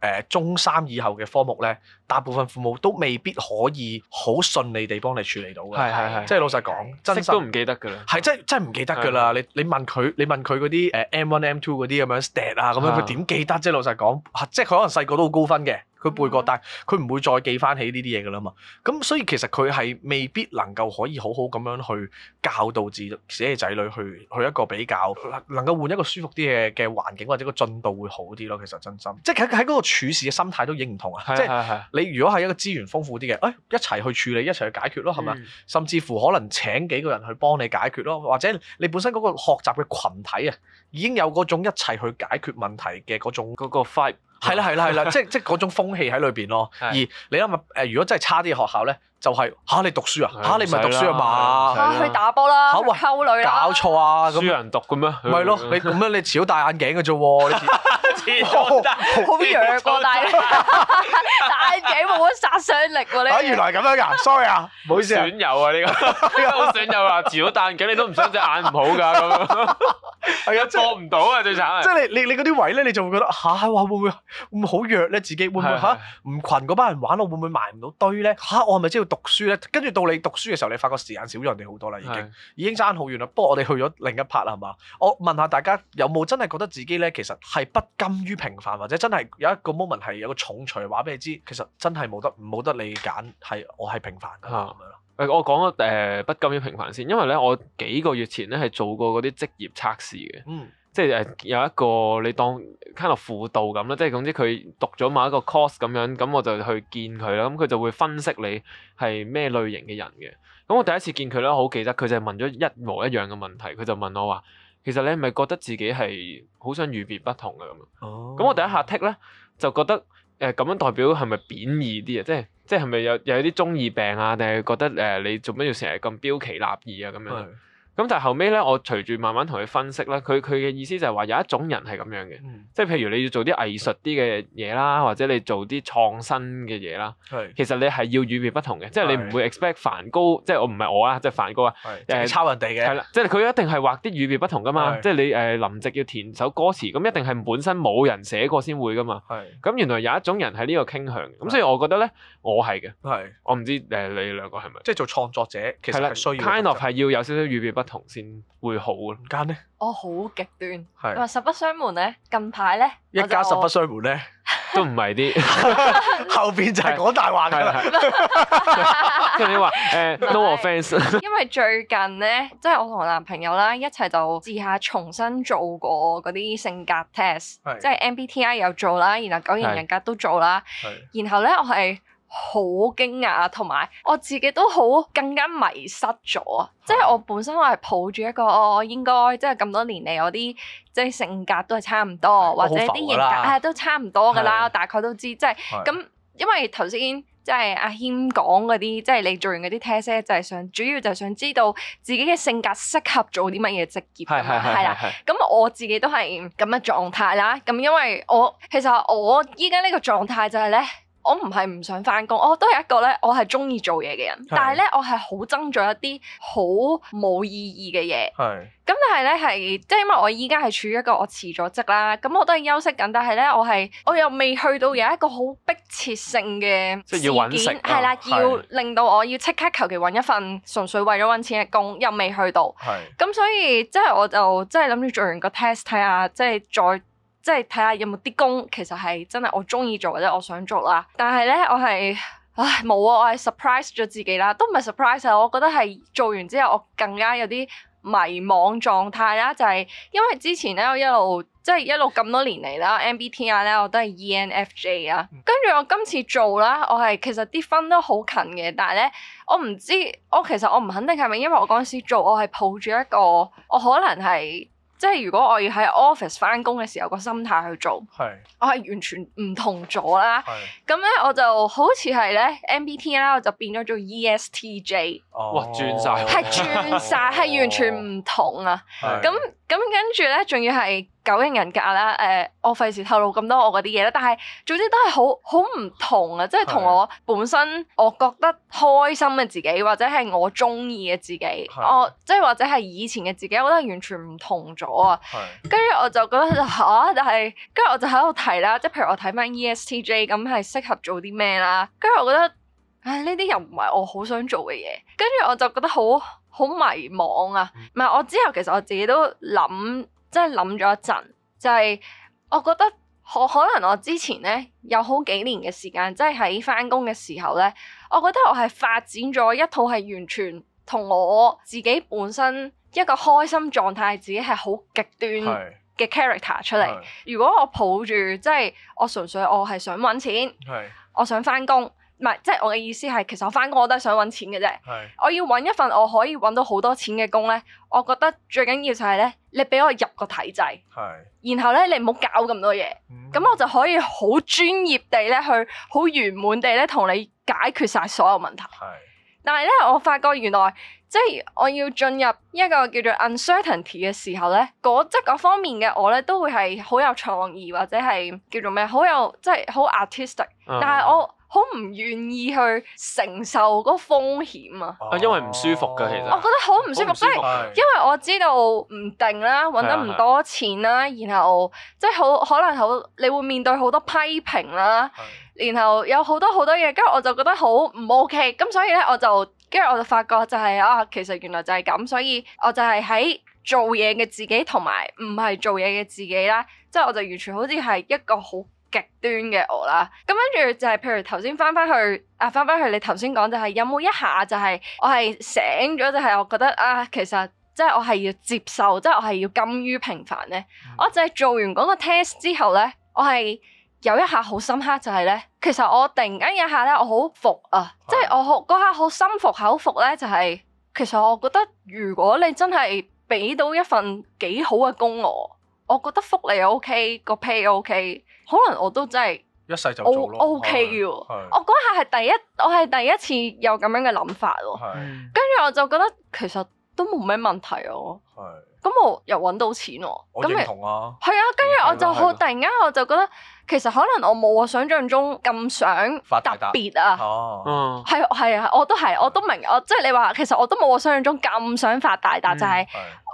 A: 誒中三以後嘅科目咧，大部分父母都未必可以好順利地幫你處理到嘅，係係係，即係老實講，真心都唔記得㗎啦，係，真係真係唔記得㗎啦，係，你你問佢，你問佢嗰啲誒 M1、M2 嗰啲咁樣 stat 啊，咁樣係，佢點記得？即係老實講，即係佢可能細個都好高分嘅。佢背過，但係佢唔會再記翻起呢啲嘢噶啦嘛。咁所以其實佢係未必能夠可以好好咁樣去教導自己嘅仔女去去一個比較能夠換一個舒服啲嘅嘅環境，或者個進度會好啲咯。其實真心即係喺喺嗰個處事嘅心態都已經唔同啊。的即係你如果係一個資源豐富啲嘅，誒、哎、一齊去處理，一齊去解決咯，係咪？嗯、甚至乎可能請幾個人去幫你解決咯，或者你本身嗰個學習嘅群體啊，已經有嗰種一齊去解決問題嘅嗰種 f i、嗯係啦，係啦，係啦，即係即係嗰種風氣喺裏邊咯。而你諗下，誒，如果真係差啲學校咧，就係、是、吓、啊、你讀書啊，吓、啊、你咪讀書嘛啊嘛，去打
B: 波啦，吓溝女，搞錯啊，輸人
A: 讀嘅咩？咪咯， 你咁樣你少戴眼鏡嘅啫，少
B: 戴眼鏡冇乜殺傷力喎、啊。你吓、啊、原來
A: 咁樣噶，sorry 啊，
C: 唔好意思、啊，損友啊呢個，呢個好損友啊，少戴眼鏡你都唔想隻眼唔好噶咁。 係啊，搏唔到啊，最
B: 慘，即
A: 係你你你嗰啲位咧，你就會覺得吓，哇、啊、會唔會會唔會好弱咧？自己會唔會吓唔是的、啊、群嗰班人玩，我會唔會埋唔到堆咧？吓、啊、我係咪知道要讀書咧？跟住到你讀書嘅時候，你發覺時間少咗人哋好多啦，是的 已經已經爭好遠啦。不過我哋去咗另一 part 啦，係嘛？我問下大家有冇真係覺得自己咧，其實係不甘於平凡，或者真係有一個 moment 係有個重錘話俾你知，其實真係冇得冇得你揀，係我係平凡
C: 咁的 誒我講誒、呃、不甘於平凡先，因為咧我幾個月前咧係做過嗰啲職業測試嘅，嗯，即係誒有一個你當 kind of 輔導咁啦，即係總之佢讀咗某一個 course 咁樣，咁我就去見佢啦，咁佢就會分析你係咩類型嘅人嘅。咁我第一次見佢咧，好記得佢就問咗一模一樣嘅問題，佢就問我話，其實你係咪覺得自己係好想與別不同嘅咁啊？哦，咁我第一下剔 i 咧，就覺得。誒咁、呃、樣代表係咪貶義啲啊？即係即係係咪有有啲中二病啊？定係覺得誒、呃、你做乜要成日咁標奇立異啊？咁樣。咁但係後尾咧，我隨住慢慢同佢分析咧，佢佢嘅意思就係話有一種人係咁樣嘅，即係譬如你要做啲藝術啲嘅嘢啦，或者你做啲創新嘅嘢啦，係其實你係要與別不同嘅，即係你唔會 expect 梵高，即係我唔係我啊，即係梵高啊，係抄人哋嘅，係啦，即係佢一定係畫啲與別不同㗎嘛，即係你誒林夕要填首歌詞，咁一定係本身冇人寫過先會㗎嘛，係，咁原來有一種人係呢個傾向嘅。咁所以我覺得咧，我係嘅，係，我唔知誒你兩個係咪，即係做創作者其實係需要 kind of 係要有少少與別不同。同先會好啊，呢？
B: 我好、oh, 極端，話實不相瞞咧，近排咧，一家實不
C: 相瞞咧，都唔係啲後邊就係講大話題啦。跟住你話誒，No offense，
B: 因為最近咧，即、就、係、是、我同我男朋友啦一齊就試下重新做過嗰啲性格 test，即係 MBTI 又做啦，然後九型人格都做啦，是然後咧我係。好驚訝，同埋我自己都好更加迷失咗啊！即係的我本身我係抱住一個，我、哦、應該即係咁多年嚟我啲即係性格都係差唔多，或者啲型格啊都差唔多噶啦，的我大概都知。即係咁，的因為頭先即係阿謙講嗰啲，即、就、係、是、你做完嗰啲 test 就係想主要就想知道自己嘅性格適合做啲乜嘢職業啊係啦。咁我自己都係咁嘅狀態啦。咁因為我其實我依家呢個狀態就係、是、咧。我唔係唔想翻工，我都係一個咧，我係中意做嘢嘅人。是但係咧，我係好憎做一啲好冇意義嘅嘢。係是。咁但係咧係，即係因為我依家係處於一個我辭咗職啦，咁我都係休息緊。但係咧，我係我又未去到有一個好迫切性嘅，即係要揾食，係啦，要令到我要即刻求其揾一份純粹為咗揾錢嘅工，又未去到。係是。咁所以即係我就即係諗住做完個 test 睇下，即係再。即係睇下有冇啲工，其實係真係我中意做或者我想做啦。但係咧，我係唉冇啊！我係 surprise 咗自己啦，都唔係 surprise 啊！我覺得係做完之後，我更加有啲迷惘狀態啦。就係因為之前咧，我一路即係一路咁多年嚟啦，MBTI 咧我都係 ENFJ 啊。跟住我今次做啦，我係其實啲分都好近嘅，但係咧我唔知，我其實我唔肯定係咪因為我嗰陣時做，我係抱住一個我可能係。即係如果我要喺 office 翻工嘅時候個心態去做，是我係完全唔同咗啦。咁咧是我就好似係咧 MBTI 啦，我就變咗做 ESTJ、哦。哇，轉晒係轉晒，係完全唔同啊！咁是。咁跟住咧，仲要係九型人格啦。誒、呃，我費事透露咁多我嗰啲嘢啦。但係總之都係好好唔同啊！即係同我本身我覺得開心嘅自己，是的 或者係我中意嘅自己，我即係或者係以前嘅自己，我覺得完全唔同咗啊！跟住是的 我就覺得吓、啊，但係跟住我就喺度睇啦，即係譬如我睇翻 ESTJ 咁係適合做啲咩啦。跟住我覺得唉，呢、啊、啲又唔係我好想做嘅嘢。跟住我就覺得好。好迷茫啊！唔係、嗯、我之後，其實我自己都諗，即係諗咗一陣，就係、是、我覺得可可能我之前咧有好幾年嘅時間，即係喺翻工嘅時候咧，我覺得我係發展咗一套係完全同我自己本身一個開心狀態，自己係好極端嘅 character 出嚟。是是是，如果我抱住即係我純粹我係想揾錢，是是我想翻工。唔係，即係我嘅意思係，其實我返工我都係想揾錢嘅啫。係是，我要揾一份我可以揾到好多錢嘅工咧。我覺得最緊要就係咧，你俾我入個體制，係是。然後咧，你唔好搞咁多嘢，咁我就可以好專業地咧，去好圓滿地咧，同你解決晒所有問題。係是。但係咧，我發覺原來即係我要進入一個叫做 uncertainty 嘅時候咧，嗰側嗰方面嘅我咧，都會係好有創意或者係叫做咩，好有即係好 artistic。就是 art istic，嗯、但係我。好唔願意去承受嗰個風險啊！
C: 啊，因為唔舒服嘅其實，我覺
B: 得好唔舒服。舒服因為的因為我知道唔定啦，揾得唔多錢啦，是的是的然後即係好可能好，你會面對好多批評啦，的然後有好多好多嘢，跟住我就覺得好唔 OK。咁所以咧，我就跟住我就發覺就係、是、啊，其實原來就係咁，所以我就係喺做嘢嘅自己同埋唔係做嘢嘅自己啦。即、就、係、是、我就完全好似係一個好。極端嘅我啦，咁跟住就係，譬如頭先返返去啊，返返去你頭先講就係有冇一下就係我係醒咗，就係我覺得啊，其實即係我係要接受，即、就、係、是、我係要甘於平凡咧、嗯。我就係做完嗰個 test 之後咧，我係有一下好深刻就係咧，其實我突然間一下咧，我好服啊，即係、啊、我好嗰下好心服口服咧、就是，就係其實我覺得如果你真係俾到一份幾好嘅工我，我覺得福利 OK，個 pay OK。可能我都真係一世就做咯，O K 喎。我嗰下係第一，我係第一次有咁樣嘅諗法喎。跟住對我就覺得其實都冇咩問題哦、啊。咁對我又搵到錢喎、啊。我認同啊。係啊就，跟住我就好突然間我就覺得。其實可能我冇我想象中咁想發達特別啊。哦，嗯、啊，係係啊，我都係，我都明，的我即係你話，其實我都冇我想象中咁想發大達，嗯、就係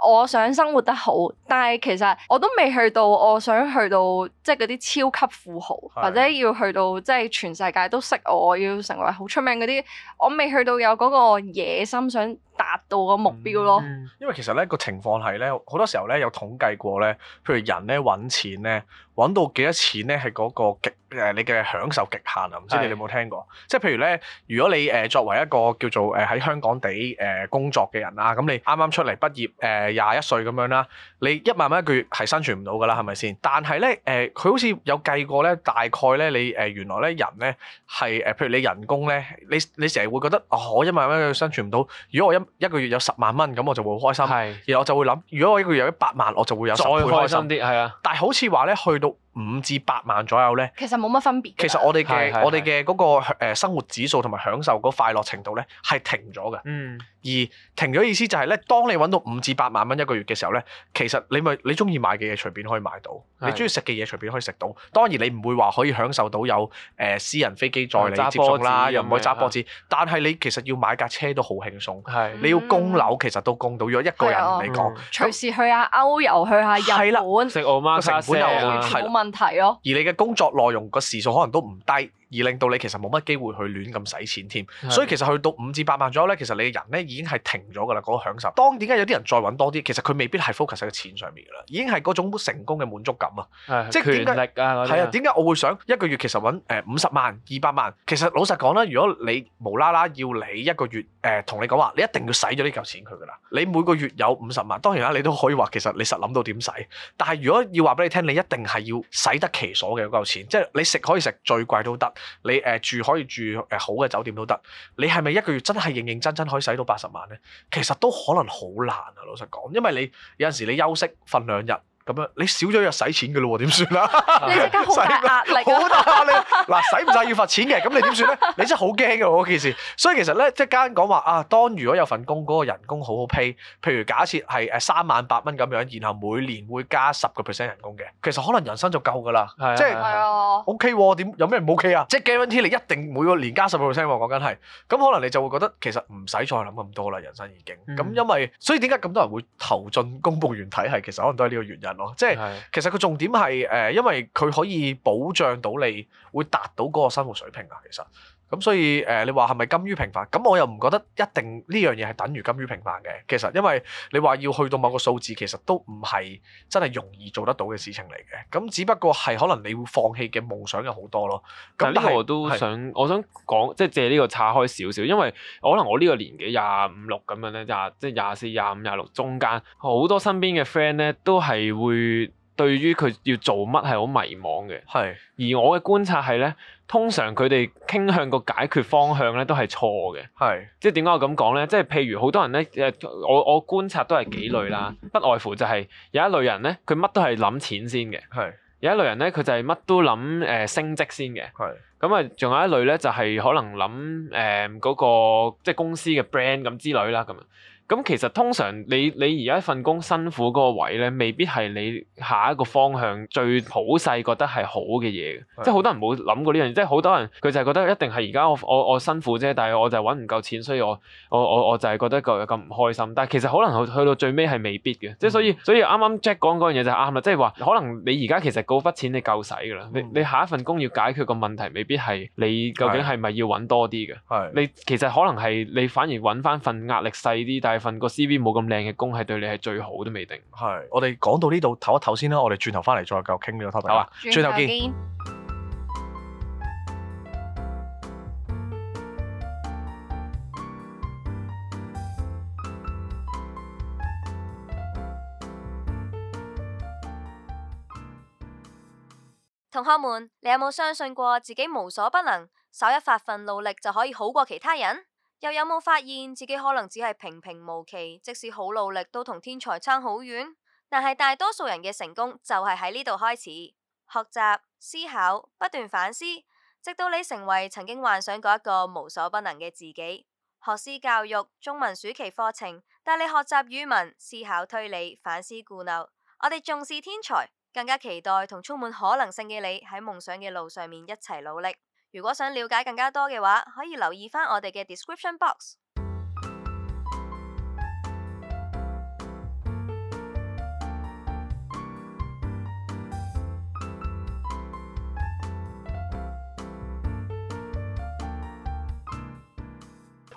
B: 我想生活得好，但係其實我都未去到我想去到即係嗰啲超級富豪，的或者要去到即係、就是、全世界都識我，我要成為好出名嗰啲，我未去到有嗰個野心想達到個目標咯、嗯。
A: 因為其實咧個情況係咧，好多時候咧有統計過咧，譬如人咧揾錢咧揾到幾多錢咧。係嗰個極誒、呃，你嘅享受極限啊！唔知你有冇聽過？是的 即係譬如咧，如果你誒作為一個叫做誒喺香港地誒工作嘅人啦，咁你啱啱出嚟畢業誒廿一歲咁樣啦，你一萬蚊一個月係生存唔到㗎啦，係咪先？但係咧誒，佢、呃、好似有計過咧，大概咧你誒、呃、原來咧人咧係誒，譬如你人工咧，你你成日會覺得哦，我一萬蚊一個月生存唔到。如果我一一個月有十萬蚊，咁我就會好開心。然後我就會諗，如果我一個月有是的 一百萬，我就會有所再開心啲。係啊。但係好似話咧，去到五至八萬左右呢，
B: 其實冇乜分別。其
A: 實我哋嘅我哋嘅嗰個生活指數同埋享受嗰快樂程度咧，係停咗嘅。嗯。而停咗意思就係咧，當你揾到五至八萬蚊一個月嘅時候咧，其實你咪你中意買嘅嘢隨便可以買到，你中意食嘅嘢隨便可以食到。當然你唔會話可以享受到有誒私人飛機載你接送啦，又唔會揸波子。但係你其實要買架車都好輕鬆，你要供樓其實都供到，如果一個人嚟講，
B: 隨時去下歐遊，去下日本，
A: 食澳門，食日本冇
B: 問題咯。
A: 而你嘅工作內容個時數可能都唔低。而令到你其實冇乜機會去亂咁使錢添，的所以其實去到五至八萬左右咧，其實你嘅人咧已經係停咗㗎啦，嗰、嗰個享受。當點解有啲人再揾多啲，其實佢未必係 focus 喺個錢上面㗎啦，已經係嗰種成功嘅滿足感啊，
C: 即係點解權力
A: 啊，係啊？點解我會想一個月其實揾誒五十萬、二百萬？其實老實講啦，如果你無啦啦要你一個月誒同、呃、你講話，你一定要使咗呢嚿錢佢㗎啦。你每個月有五十萬，當然啦，你都可以話其實你實諗到點使。但係如果要話俾你聽，你一定係要使得其所嘅嗰嚿錢，即係你食可以食最貴都得。你誒、呃、住可以住誒、呃、好嘅酒店都得，你係咪一個月真係認認真真可以使到八十萬咧？其實都可能好難啊！老實講，因為你有陣時你休息瞓兩日。咁樣你少咗一日使錢嘅咯喎，點算啊？你即刻好大壓力，好大壓力。嗱，使唔曬要罰錢嘅，咁你點算咧？你真係好驚嘅嗰件事。所以其實咧，即係家人講話啊，當如果有份工嗰個人工好好 pay，譬如假設係誒三萬八蚊咁樣，然後每年會加十個 percent 人工嘅，其實可能人生就夠噶啦。係啊，係啊。OK 喎，點有咩唔 OK 啊？即係 guarantee 你一定每個年加十個 percent 喎，講緊係。咁可能你就會覺得其實唔使再諗咁多啦，人生已經咁，因為所以點解咁多人會投進公務員體係？其實可能都係呢個原因。即係其實個重點係誒，因為佢可以保障到你會達到嗰個生活水平啊，其實。咁所以誒、呃，你話係咪甘於平凡？咁我又唔覺得一定呢樣嘢係等於甘於平凡嘅。其實因為你話要去到某個數字，其實都唔係真係容易做得到嘅事情嚟
C: 嘅。咁只不過係可能你會放棄嘅夢想有好多咯。咁但係呢個我都想我想講，即係借呢個岔開少少，因為可能我呢個年紀廿五六咁樣咧，廿即係廿四、廿五、廿六中間，好多身邊嘅 friend 咧都係會。對於佢要做乜係好迷茫嘅，係是。而我嘅觀察係咧，通常佢哋傾向個解決方向咧都係錯嘅，係是。即係點解我咁講咧？即係譬如好多人咧，誒我我觀察都係幾類啦，不外乎就係有一類人咧，佢乜都係諗錢先嘅，係是。有一類人咧，佢就係乜都諗誒升職先嘅，係是。咁啊，仲有一類咧，就係可能諗誒嗰個即係公司嘅 brand 咁之類啦，咁啊。咁其實通常你你而家份工辛苦嗰個位咧，未必係你下一個方向最普世覺得係好嘅嘢是的，即係好多人冇諗過呢樣嘢，即係好多人佢就係覺得一定係而家我我我辛苦啫，但係我就揾唔夠錢，所以我我我我就係覺得咁咁唔開心。但係其實可能去去到最尾係未必嘅、嗯，即係所以所以啱啱 Jack 講嗰樣嘢就啱啦，即係話可能你而家其實嗰筆錢你夠使㗎啦，嗯、你你下一份工要解決個問題，未必係你究竟係咪要揾多啲嘅，是的 你其實可能係你反而揾翻份壓力細啲，但係，份個 C.V. 冇咁靚嘅工，係對你係最好都未定。係，我哋講到呢度，唞一唞先啦。我哋轉頭翻嚟
A: 再繼傾呢個 topic，好啊。轉頭見，
B: 同學們，你有冇相信過自己無所不能，稍一發奮努力就可以好過其他人？又有冇發現自己可能只係平平無奇，即使好努力都同天才差好遠？但係大多數人嘅成功就係喺呢度開始，學習、思考、不斷反思，直到你成為曾經幻想過一個無所不能嘅自己。學思教育中文暑期課程帶你學習語文、思考推理、反思固腦。我哋重視天才，更加期待同充滿可能性嘅你喺夢想嘅路上面一齊努力。如果想了解更加多嘅話，可以留意翻我哋嘅 description box。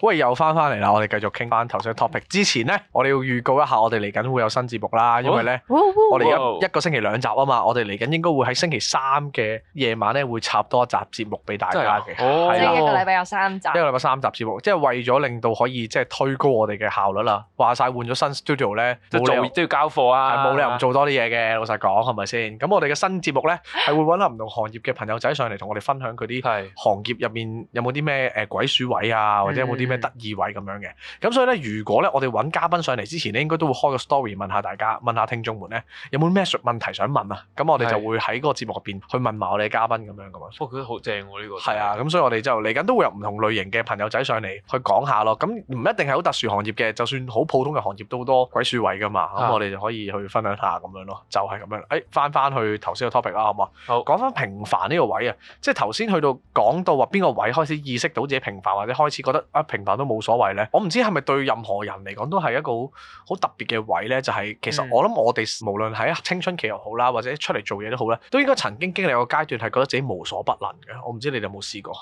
A: 喂，又翻翻嚟啦！我哋繼續傾翻頭先嘅 topic。之前咧，我哋要預告一下，我哋嚟緊會有新節目啦。因為咧，我哋一一個星期兩集啊嘛，我哋嚟緊應該會喺星期三嘅夜晚咧，會插多一集節目俾大家嘅。哦，即係一個禮拜
B: 有三集。一個
A: 禮拜三集節目，即係為咗令到可以即係推高我哋嘅效率啦。話晒換咗新 studio 咧，做都
C: 要交貨啊，冇理由唔做
A: 多啲嘢嘅。老實講，係咪先？咁我哋嘅新節目咧，係會搵下唔同行業嘅朋友仔上嚟同我哋分享佢啲行業入面有冇啲咩誒鬼鼠位啊，或者有冇啲咩、嗯、得意位咁樣嘅，咁所以咧，如果咧我哋揾嘉賓上嚟之前咧，應該都會開個 story 問下大家，問下聽眾們咧，有冇咩問題想問啊？咁我哋就會喺個節目入邊去問埋我哋嘉賓咁樣噶
C: 嘛。我、哦、覺得好正喎呢個。係啊，
A: 咁、啊、所以我哋就嚟緊都會有唔同類型嘅朋友仔上嚟去講下咯。咁唔一定係好特殊行業嘅，就算好普通嘅行業都好多鬼樹位噶嘛。咁、啊、我哋就可以去分享下咁樣咯，就係、是、咁樣。誒、哎，翻翻去頭先個 topic 啦，好唔好好。講翻平凡呢個位啊，即係頭先去到講到話邊個位開始意識到自己平凡，或者開始覺得啊平。但都冇所謂咧，我唔知係咪對任何人嚟講都係一個好特別嘅位咧，就係其實我諗我哋無論喺青春期又好啦，或者出嚟做嘢都好咧，都應該曾經經歷過階段係覺得自己無所不能嘅。我唔知你哋有冇試過？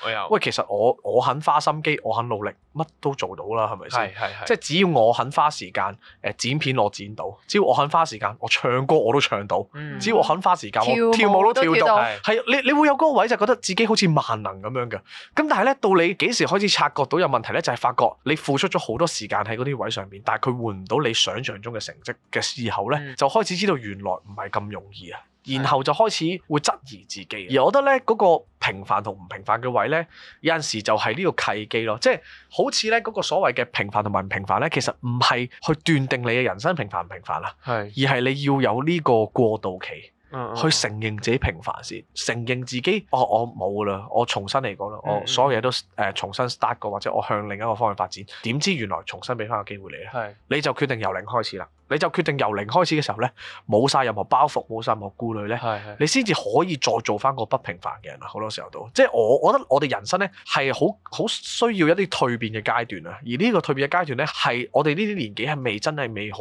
A: 我有，喂，其實我我肯花心機，我肯努力，乜都做到啦，係咪先？即係只要我肯花時間，誒，剪片我剪到；只要我肯花時間，我唱歌我都唱到；只要我肯花時間，我跳舞都跳到。係，你你會有嗰個位就覺得自己好似萬能咁樣嘅。咁但係咧，到你幾時開始察覺到？有問題咧，就係發覺你付出咗好多時間喺嗰啲位上面，但係佢換唔到你想像中嘅成績嘅時候咧，嗯、就開始知道原來唔係咁容易啊。是的 然後就開始會質疑自己。是的 而我覺得咧，嗰個平凡同唔平凡嘅位咧，有陣時就係呢個契機咯。即係好似咧嗰個所謂嘅平凡同埋唔平凡咧，其實唔係去斷定你嘅人生平凡唔平凡啦，是的 而係你要有呢個過渡期。去承認自己平凡先，承認自己，哦、我我冇啦，我重新嚟講啦，我所有嘢都誒重新 start 過，或者我向另一個方向發展。點知原來重新俾翻個機會你咧，你就決定由零開始啦，你就決定由零開始嘅時候呢，冇晒任何包袱，冇晒任何顧慮咧，你先至可以再做翻個不平凡嘅人啊！好多時候都，即係我，我覺得我哋人生呢係好好需要一啲蛻變嘅階段啊，而呢個蛻變嘅階段呢，係我哋呢啲年紀係未真係未好。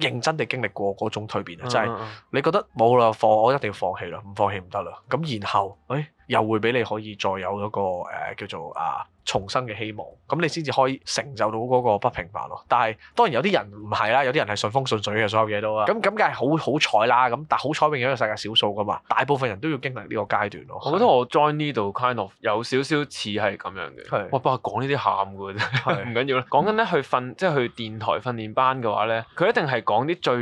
A: 認真地經歷過嗰種蛻變，uh huh。就係你覺得冇啦，放我一定要放棄啦，唔放棄唔得啦，咁然後，哎。又會俾你可以再有嗰個誒叫做啊重生嘅希望，咁你先至可以成就到嗰個不平凡咯。但係當然有啲人唔係啦，有啲人係順風順水嘅，所有嘢都啊，咁咁梗係好好彩啦。咁但好彩永
C: 遠係世界少數噶嘛，大部分人都要經歷呢個階段咯。我覺得我 join 呢度 kind of，有少少似係咁樣嘅，係哇不過講呢啲喊嘅啫，係唔緊要啦。講緊咧去訓即係去電台訓練班嘅話咧，佢一定係講啲最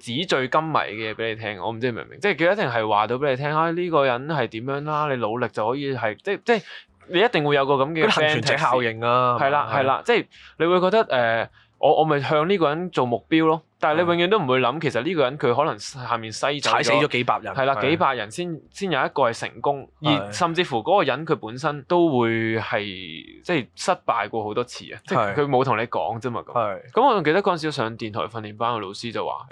C: 紙醉金迷嘅嘢俾你聽。我唔知你明唔明，即係佢一定係話到俾你聽啊呢個人係點樣啦，你努力就可以係，即係即係你一定會有個咁嘅群體效應啊，係啦係啦，即係你會覺得誒我我，咪向呢個人做目標咯，但係你永遠都唔會諗，其實呢個人佢可能下面西踩死咗幾百人，係啦幾百人，先先有一個係成功，而甚至乎嗰個人佢本身都會係即係失敗過好多次啊，即係佢冇同你講啫嘛咁。咁，我仲記得嗰陣時上電台訓練班嘅老師就話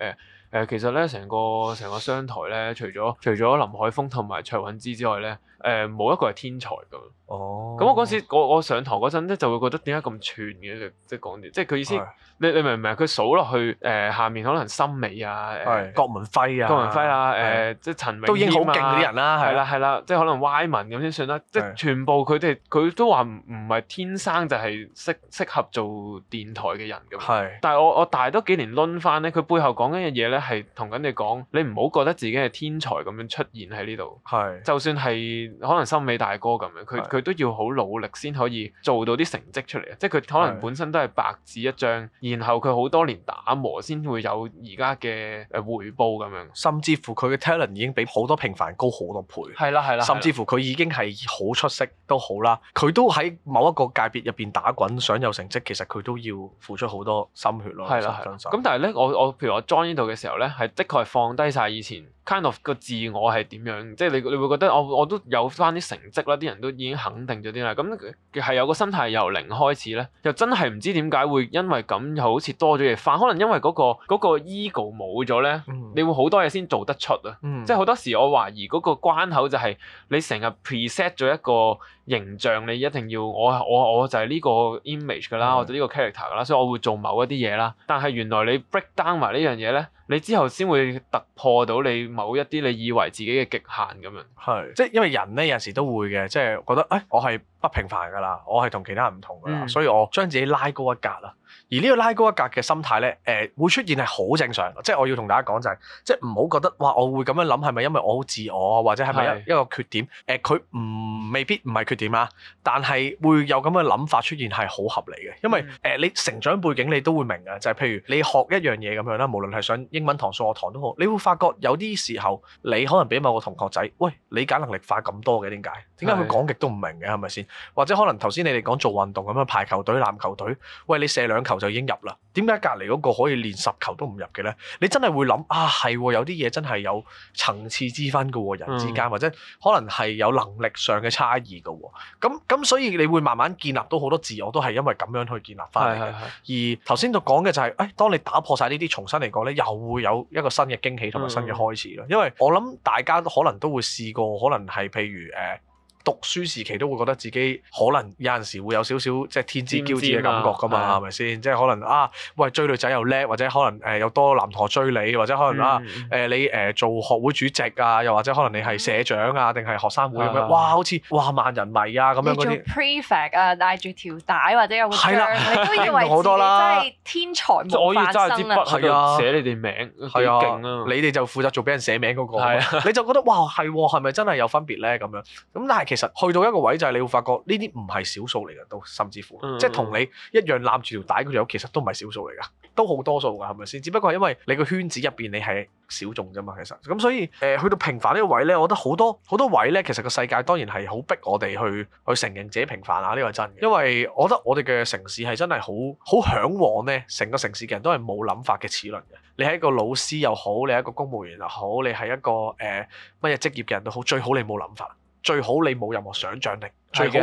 C: 誒誒，其實咧成個成個商台咧，除咗除咗林海峰同埋卓韻芝之外咧。誒冇一個係天才咁，哦，咁我嗰時我我上堂嗰陣咧就會覺得點解咁串嘅，即係講，即係佢意思，你你明唔明啊？佢數落去誒下面可能森美啊，郭文輝啊，郭文輝啊，誒即係陳偉，都已經好勁嗰啲人啦，係啦係啦，即係可能歪文咁先算啦。即係全部佢哋佢都話唔係天生就係適適合做電台嘅人咁，係，但係我我大多大咗幾年攆翻咧，佢背後講緊嘅嘢咧係同緊你講，你唔好覺得自己係天才咁樣出現喺呢度，係，就算係。可能森美大哥咁樣，佢佢都要好努力先可以做到啲成績出嚟啊！即係佢可能本身都係白紙一張，然後佢好多年打磨先會有而家嘅誒回報咁樣。甚至乎佢嘅
A: talent 已經比好多平凡高好多倍。係啦係啦。甚至乎佢已經係好出色都好啦，佢都喺某一個界別入邊打滾，想有成績，其實佢都要付出好多心血咯。係啦。咁
C: 但係呢，我我譬如我 join 呢度嘅時候呢，係的確係放低晒以前 kind of 個自我係點樣，即係你你會覺得我我都。有翻啲成績啦，啲人都已經肯定咗啲啦。咁係有個心態由零開始咧，又真係唔知點解會因為咁又好似多咗嘢翻。可能因為嗰個嗰個 ego 冇咗咧，嗯、你會好多嘢先做得出啊。嗯、即係好多時我懷疑嗰個關口就係你成日 preset 咗一個形象，你一定要我我我就係呢個 image 噶啦，或者呢個 character 噶啦，所以我會做某一啲嘢啦。但係原來你 break down 埋呢樣嘢咧。你之後先會突破到你某一啲你以為自己嘅極限咁樣，係即係因為人咧有時都會嘅，即係覺得誒我係
A: 不平凡㗎啦，我係同其他人唔同㗎啦，嗯、所以我將自己拉高一格啦。而呢個拉高一格嘅心態咧，誒、呃、會出現係好正常，即係我要同大家講就係、是，即係唔好覺得哇，我會咁樣諗係咪因為我好自我，或者係咪有一個缺點？誒是，佢唔、呃、未必唔係缺點啊，但係會有咁嘅諗法出現係好合理嘅，因為誒、嗯呃、你成長背景你都會明啊，就係、是、譬如你學一樣嘢咁樣啦，無論係上英文堂、數學堂都好，你會發覺有啲時候你可能比某個同學仔，喂，理解能力快咁多嘅，點解？點解佢講極都唔明嘅係咪先？或者可能頭先你哋講做運動咁樣排球隊、籃球隊，喂你射兩球就已經入啦。點解隔離嗰個可以連十球都唔入嘅呢？你真係會諗啊，係喎，有啲嘢真係有層次之分嘅喎，人之間、嗯、或者可能係有能力上嘅差異嘅喎。咁咁所以你會慢慢建立到好多自我，都係因為咁樣去建立翻嚟嘅。是的是的而頭先就講嘅就係，誒、哎，當你打破晒呢啲重新嚟講呢，又會有一個新嘅驚喜同埋新嘅開始咯。嗯、因為我諗大家可能都會試過，可能係譬如誒、呃讀書時期都會覺得自己可能有陣時會有少少，即係天之驕子嘅感覺㗎嘛，係咪先？即係可能啊，喂追女仔又叻，或者可能誒有多男同學追你，或者可能啊誒你誒做學會主席啊，又或者可能你係社長啊，定係學生會咁樣，哇好似哇萬人迷啊咁樣嗰啲。做
B: prefect 啊，帶住條帶或者有章，你都以為好多啦，即係天才，所以無發生
A: 啊？寫你哋名，幾勁啊！你哋就負責做俾人寫名嗰個，你就覺得哇係喎，係咪真係有分別咧咁樣？咁但係其。其實去到一個位就係你會發覺呢啲唔係少數嚟嘅，都甚至乎，嗯嗯即係同你一樣攬住條帶嗰種，其實都唔係少數嚟噶都好多數噶係咪先？只不過係因為你個圈子入邊，你係小眾啫嘛。其實咁所以誒、呃，去到平凡呢個位呢，我覺得好多好多位呢，其實個世界當然係好逼我哋去去承認自己平凡啊！呢、呢個係真嘅，因為我覺得我哋嘅城市係真係好好向往呢，成個城市嘅人都係冇諗法嘅齒輪嘅。你係一個老師又好，你係一個公務員又好，你係一個誒乜嘢職業嘅人都好，最好你冇諗法。最好你冇任何想像力，最好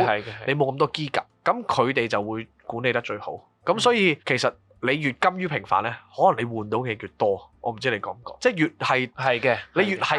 A: 你冇咁多資格，咁佢哋就會管理得最好。咁所以其實你越甘於平凡呢，可能你換到嘅越多。我唔知你講唔講，即係越係係嘅，你越係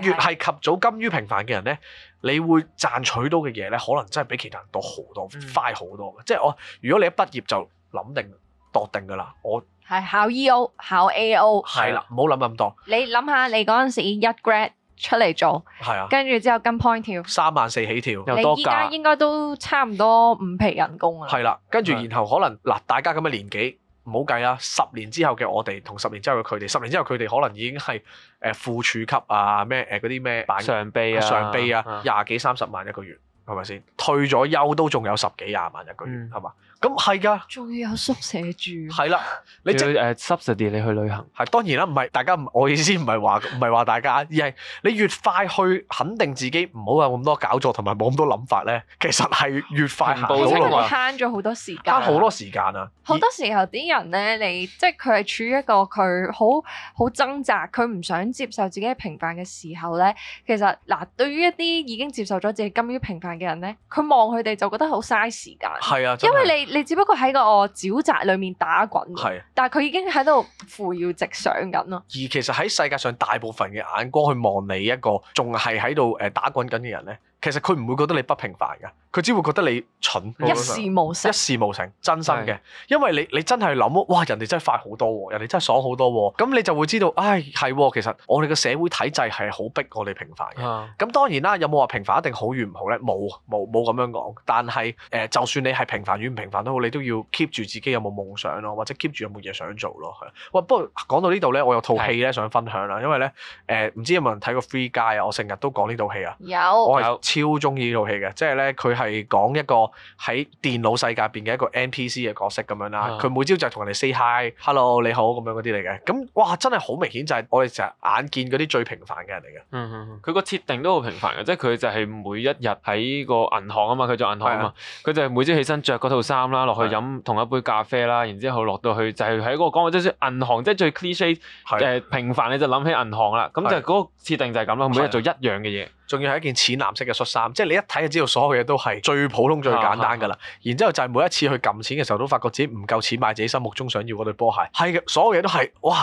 B: 你越係及
A: 早甘於平凡嘅人呢，你會賺取到嘅嘢呢，可能真係比其他人多好多，快好多嘅。即係我如果你一畢業就諗定度定噶啦，我
B: 係考 E.O. 考 A.O. 係啦，
A: 唔好諗咁多。
B: 你諗下你嗰陣時一 grad。出嚟做，係啊，跟住之後跟 point 跳，三
A: 萬四起跳，又多你依家應
B: 該都差唔多五皮人工啊。
A: 係啦，跟住然後可能嗱，大家咁嘅年紀，唔好計啦。十年之後嘅我哋，同十年之後嘅佢哋，十年之後佢哋可能已經係誒副處級啊，咩誒嗰啲咩上臂啊、上臂啊，廿幾三十萬一個月，係咪先？嗯、退咗休都仲有十幾廿萬一個月，係嘛、嗯？咁係噶，仲要有宿舍住。係啦，
C: 你就係誒，subsidy 你去旅
B: 行，
A: 係當然啦，唔係大家唔，我意思唔係話唔係話大家，而係你越快去，肯定自己唔好有咁多搞作，同埋冇咁多諗法咧。其實係越快行到路啦，慳
B: 咗好多時間，好多時間啊！好多，而好多時候啲人咧，你即係佢係處於一個佢好好掙扎，佢唔想接受自己嘅平凡嘅時候咧，其實嗱、呃，對於一啲已經接受咗自己甘於平凡嘅人咧，佢望佢哋就覺得好嘥時間。係啊，因為你。你只不過喺個沼澤裏面打滾，係啊 但係佢已經喺度扶搖直上緊咯。
A: 而其實喺世界上大部分嘅眼光去望你一個，仲係喺度誒打滾緊嘅人咧，其實佢唔會覺得你不平凡㗎。佢只會覺得你蠢，一事無成，一事無成，真心嘅。的因為你你真係諗，哇！人哋真係快好多喎，人哋真係爽好多喎。咁你就會知道，唉，係喎。其實我哋嘅社會體制係好逼我哋平凡嘅。咁的當然啦，有冇話平凡一定好與唔好咧？冇，冇冇咁樣講。但係誒、呃，就算你係平凡與唔平凡都好，你都要 keep 住自己有冇夢想咯，或者 keep 住有冇嘢想做咯。喂、呃，不過講到呢度咧，我有套戲咧想分享啦，的因為咧誒，唔、呃、知有冇人睇過《Free Guy》啊？我成日都講呢套戲啊。
B: 有，我係
A: 超中意呢套戲嘅，即係咧佢係。係講一個喺電腦世界邊嘅一個 NPC 嘅角色咁樣啦，佢、嗯、每朝就同人哋 say hi，hello，你好咁樣嗰啲嚟嘅，咁哇真係好明顯就係我哋成日眼見嗰啲最平凡
C: 嘅人嚟嘅，佢個設定都好平凡嘅，即係佢就係每一日喺個銀行啊嘛，佢做銀行啊嘛，佢是、啊、就係每朝起身着嗰套衫啦，落去飲同一杯咖啡啦，然之後落到去就係、是、喺、嗰個講，即係銀行即係最 cliche 誒是、啊、平凡，你就諗起銀行啦，咁是、啊、就嗰個設定就係咁咯，佢每日做一樣嘅嘢。是啊仲要係一件淺藍色嘅恤衫，即係你一睇就知道所有嘢都係最
A: 普通、最簡單㗎啦。然之後就係每一次去撳錢嘅時候，都發覺自己唔夠錢買自己心目中想要嗰對波鞋。係嘅，所有嘢都係，哇！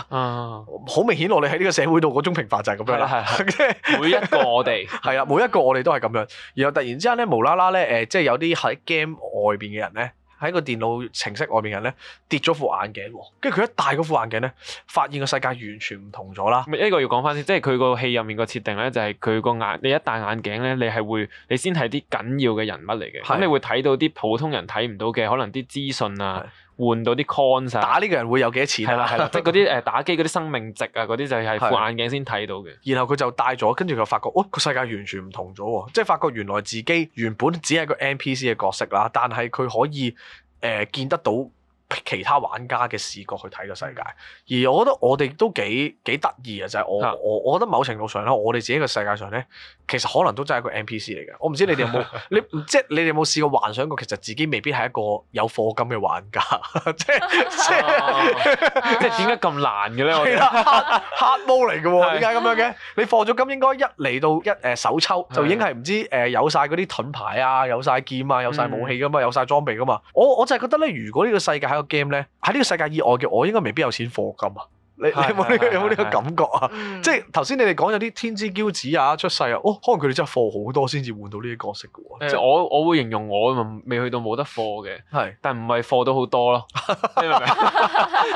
A: 好明顯，我哋喺呢個社會度嗰種平凡就係咁樣啦。係係，
C: 每一個我哋
A: 係啊，每一個我哋都係咁樣。然後突然之間咧，無啦啦咧，誒，即係有啲喺 game 外邊嘅人咧。喺個電腦程式外面嘅人咧，跌咗副眼鏡，跟住佢一戴嗰副眼鏡咧，發現個世界完全唔同
C: 咗啦。呢個要講翻先，即係佢個戲入面個設定咧，就係佢個眼，你一戴眼鏡咧，你係會你先係啲緊要嘅人物嚟嘅，咁是你會睇到啲普通人睇唔到嘅可能啲資訊啊。換到啲 con 曬，打呢個人會有幾多錢，啊？係啦，係啦，即係嗰啲誒打機嗰啲生命值啊，嗰啲 就係副眼鏡先睇到嘅。
A: 然後佢就戴咗，跟住佢發覺，哦，這個世界完全唔同咗喎，即係發覺原來自己原本只係個 NPC 嘅角色啦，但係佢可以誒、呃、見得到。其他玩家嘅視覺去睇個世界，而我覺得我哋都幾幾得意啊！就係、是、我我我覺得某程度上咧，我哋自己個世界上咧，其實可能都真係一個 NPC 嚟嘅。我唔知你哋有冇 你即係你哋有冇試過幻想過，其實自己未必係一個有課金嘅玩家， 即係 即係點解咁難嘅咧？hard hard mode 嚟嘅喎，點解咁樣嘅？ 你課咗金應該一嚟到一誒首抽就已經係唔知誒有曬嗰啲盾牌啊，有曬劍啊，有曬武器噶、啊、嘛，有曬裝備噶嘛。 我我就係覺得咧，如果呢個世界喺～game 咧，喺呢個世界以外嘅我應該未必有錢貨金啊！你你有冇呢個有冇呢個感覺啊？即係頭先你哋講有啲天之驕子啊出世啊，哦，可能佢哋真係貨好多先至換到呢啲角色嘅喎。即係我
C: 我會形容我咪未去到冇得貨嘅，係，但唔係貨到好多咯。你明唔明？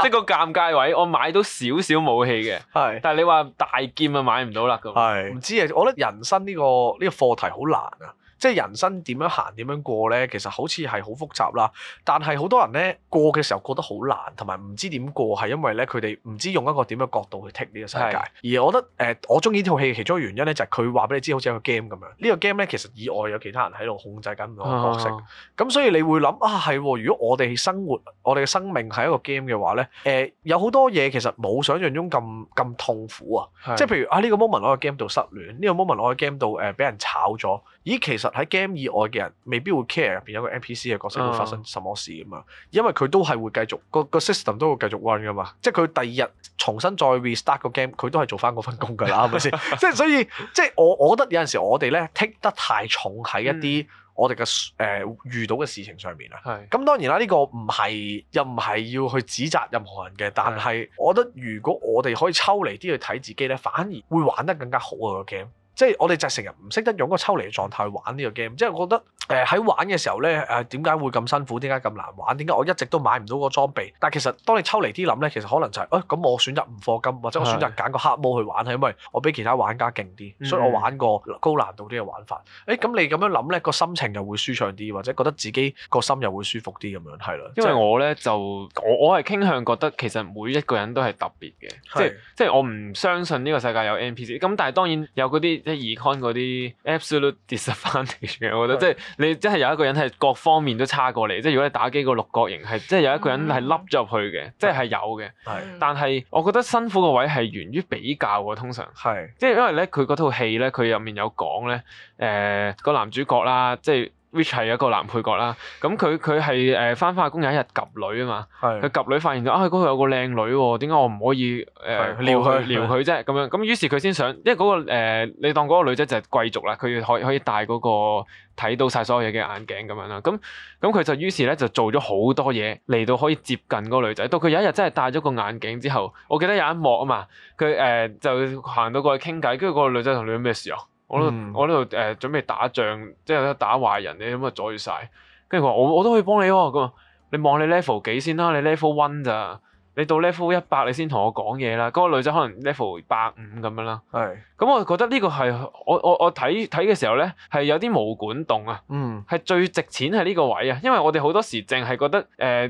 C: 即個尷尬位，我買到少少武器嘅，係，但係你話大劍啊買唔到啦咁，係，唔知啊。我覺得人生呢個呢個課題好難啊。即係人生點樣行點樣
A: 過咧，其實好似係好複雜啦。但係好多人咧過嘅時候過得好難，同埋唔知點過，係因為咧佢哋唔知用一個點嘅角度去 take 呢個世界。而我覺得誒、呃，我中意呢套戲其中一個原因咧，就係佢話俾你知，好似一個 game 咁樣。這個、呢個 game 咧其實以外有其他人喺度控制緊唔同嘅角色。咁、啊、所以你會諗啊，係、啊、如果我哋生活，我哋嘅生命係一個 game 嘅話咧，誒、呃、有好多嘢其實冇想象中咁咁痛苦啊。是即係譬如啊，呢、這個 moment 我喺 game 度失戀，呢個 moment 我喺 game 度誒俾人炒咗。咦，其實喺 game 以外嘅人，未必會 care 入邊有個 NPC 嘅角色會發生什麼事咁啊？嗯、因為佢都係會繼續、個 system 都會繼續 run 噶嘛，即係佢第二日重新再 restart 個 game，佢都係做翻嗰份工噶啦，係咪先？ 即係所以，即係我我覺得有陣時我哋咧 take 得太重喺一啲我哋嘅誒遇到嘅事情上面啊。咁、嗯、當然啦，呢、呢個唔係又唔係要去指責任何人嘅，但係我覺得如果我哋可以抽離啲去睇自己咧，反而會玩得更加好個 game。即係我哋就成日唔識得用個抽離嘅狀態去玩呢個 game，即係我覺得誒喺、呃、玩嘅時候咧誒點解會咁辛苦？點解咁難玩？點解我一直都買唔到個裝備？但係其實當你抽離啲諗咧，其實可能就係誒咁我選擇唔課金，或者我選擇揀個黑魔去玩啊，因為我比其他玩家勁啲，所以我玩個高難度啲嘅玩法。誒咁、嗯哎、你咁樣諗咧，個心情又會舒暢啲，
C: 或者覺得自己個心又會舒服啲咁樣係啦。因為我咧就我我係傾向覺得其實每一個人都係特別嘅，即係即係我唔相信呢個世界有 NPC。咁但係當然有嗰啲。即係 econ、e、嗰啲 absolute disadvantage，的我覺得即係你即係有一個人係各方面都差過你。即係的如果你打機個六角形係，嗯、即係有一個人係凹咗入去嘅，的即係係有嘅。係的，但係我覺得辛苦個位係源於比較喎。通常係，的即係因為咧佢嗰套戲咧，佢入面有講咧，誒、呃嗰個男主角啦，即係。佢係一個男配角啦，咁佢佢係誒返返工有一日及女啊嘛，佢及是的 女發現咗，啊嗰度有個靚女喎，點解我唔可以誒撩佢撩佢啫咁樣，咁於是佢先想，因為嗰、那個、呃、你當嗰個女仔就係貴族啦，佢可以可以戴嗰、那個睇到晒所有嘢嘅眼鏡咁樣啦，咁咁佢就於是咧就做咗好多嘢嚟到可以接近嗰個女仔。到佢有一日真係戴咗個眼鏡之後，我記得有一幕啊嘛，佢誒、呃、就行到過去傾偈，跟住嗰個女仔同你有咩事啊？我呢我呢度誒準備打仗，即係咧打壞人，你咁啊阻住晒。跟住佢話我我都可以幫你喎、哦，佢話你望你 level 幾先啦，你 level one 咋？你到 level 一百你先同我講嘢啦，嗰、那個女仔可能 level 百五咁樣啦。係是，咁我覺得呢個係我我我睇睇嘅時候咧，係有啲毛管戙啊，係、嗯、最值錢係呢個位啊，因為我哋好多時淨係覺得誒，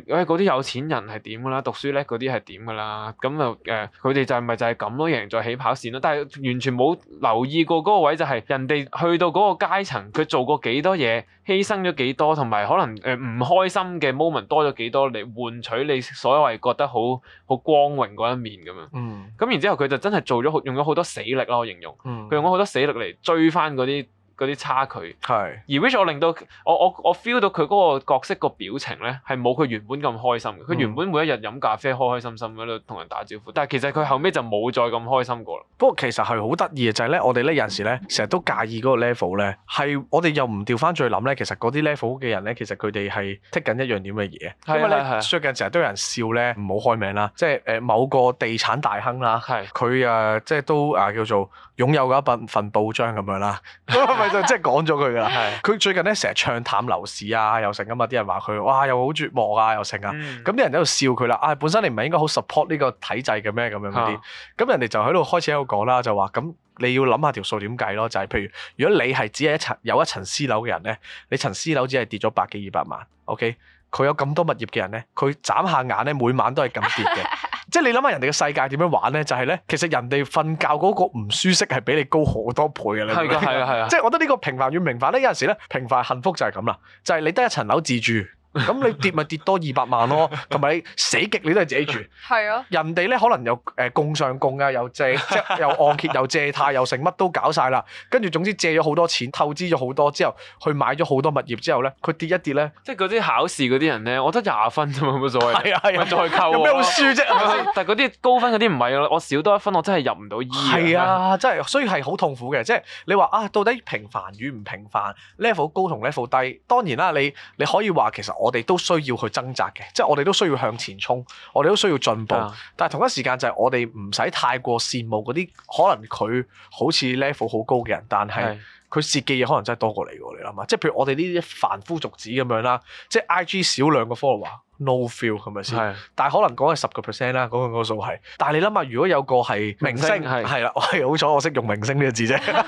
C: 喂嗰啲有錢人係點㗎啦，讀書叻嗰啲係點㗎啦，咁就誒佢哋就係咪就係咁咯，贏在起跑線咯、啊，但係完全冇留意過嗰個位就係人哋去到嗰個階層，佢做過幾多嘢，犧牲咗幾多，同埋可能誒唔開心嘅 moment 多咗幾多嚟換取你所謂覺得好。好光榮嗰一面咁樣，咁、嗯、然之後佢就真係做咗用咗好多死力咯，我形容佢、嗯、用咗好多死力嚟追翻嗰啲。嗰啲差距係，而 which 我令到我我我 feel 到佢嗰個角色個表情咧係冇佢原本咁開心嘅。佢原本每一日飲咖啡開開心心喺度同人打招呼，但係其實佢後尾就冇再咁開心過啦。不過其實係好得意嘅就係
A: 咧，我哋咧有時咧成日都介意嗰個 level 咧，係我哋又唔調翻轉去諗咧，其實嗰啲 level 嘅人咧，其實佢哋係剔緊一樣點嘅嘢，因為最近成日都有人笑咧，唔好開名啦，即係誒某個地產大亨啦，係佢誒即係都誒叫做。擁有嘅一份份報章咁樣啦，咪就 即係講咗佢噶啦。佢 是最近咧成日唱淡樓市啊，又成噶嘛，啲人話佢哇，又好絕望啊，又成啊。咁啲、嗯、人喺度笑佢啦。啊，本身你唔係應該好 support 呢個體制嘅咩？咁樣嗰啲，咁、啊、人哋就喺度開始喺度講啦，就話，咁你要諗下條數點計咯。就係、是、譬如，如果你係只係一層有一層私樓嘅人咧，你層私樓只係跌咗百幾二百萬。OK，佢有咁多物業嘅人咧，佢眨下眼咧，每晚都係咁跌嘅。 即係你諗下人哋嘅世界點樣玩咧？就係咧，其實人哋瞓覺嗰個唔舒適係比你高好多倍嘅啦。係啊係啊係啊！即係我覺得呢個平凡與平凡咧，有陣時咧平凡幸福就係咁啦，就係你得一層樓自住。咁 你跌咪跌多二百萬咯，同埋 你死極你都係自己住。
B: 係啊，
A: 人哋咧可能又誒供上供啊，又借即又按揭又借貸，又，借貸又成，乜都搞晒啦。跟住總之借咗好多錢，透支咗好多之後，去買咗好多物業之後咧，佢跌一跌咧，
C: 即係嗰啲考試嗰啲人咧，我得廿分啫嘛，冇所謂。係啊係啊，再扣 有咩好輸啫？ 但係嗰啲高分嗰啲唔係啊，我少多一分我真係入唔到醫。係 啊，
A: 真係所以係好痛苦嘅，即係你話啊，啊，到底平凡與唔平凡？Level 高同 Level 低，當然啦，你你，你可以話其實我。我哋都需要去掙扎嘅，即係我哋都需要向前衝，我哋都需要進步。啊、但係同一時間就係我哋唔使太過羨慕嗰啲可能佢好似 level 好高嘅人，但係佢設計嘢可能真係多過你喎，你諗下？即係譬如我哋呢啲凡夫俗子咁樣啦，即係 IG 少兩個 follower no feel 係咪先？係，但係可能講係十個 percent 啦，講緊嗰個數係。但係你諗下，如果有個係明星係啦，我係好彩我識用明星呢個
C: 字啫。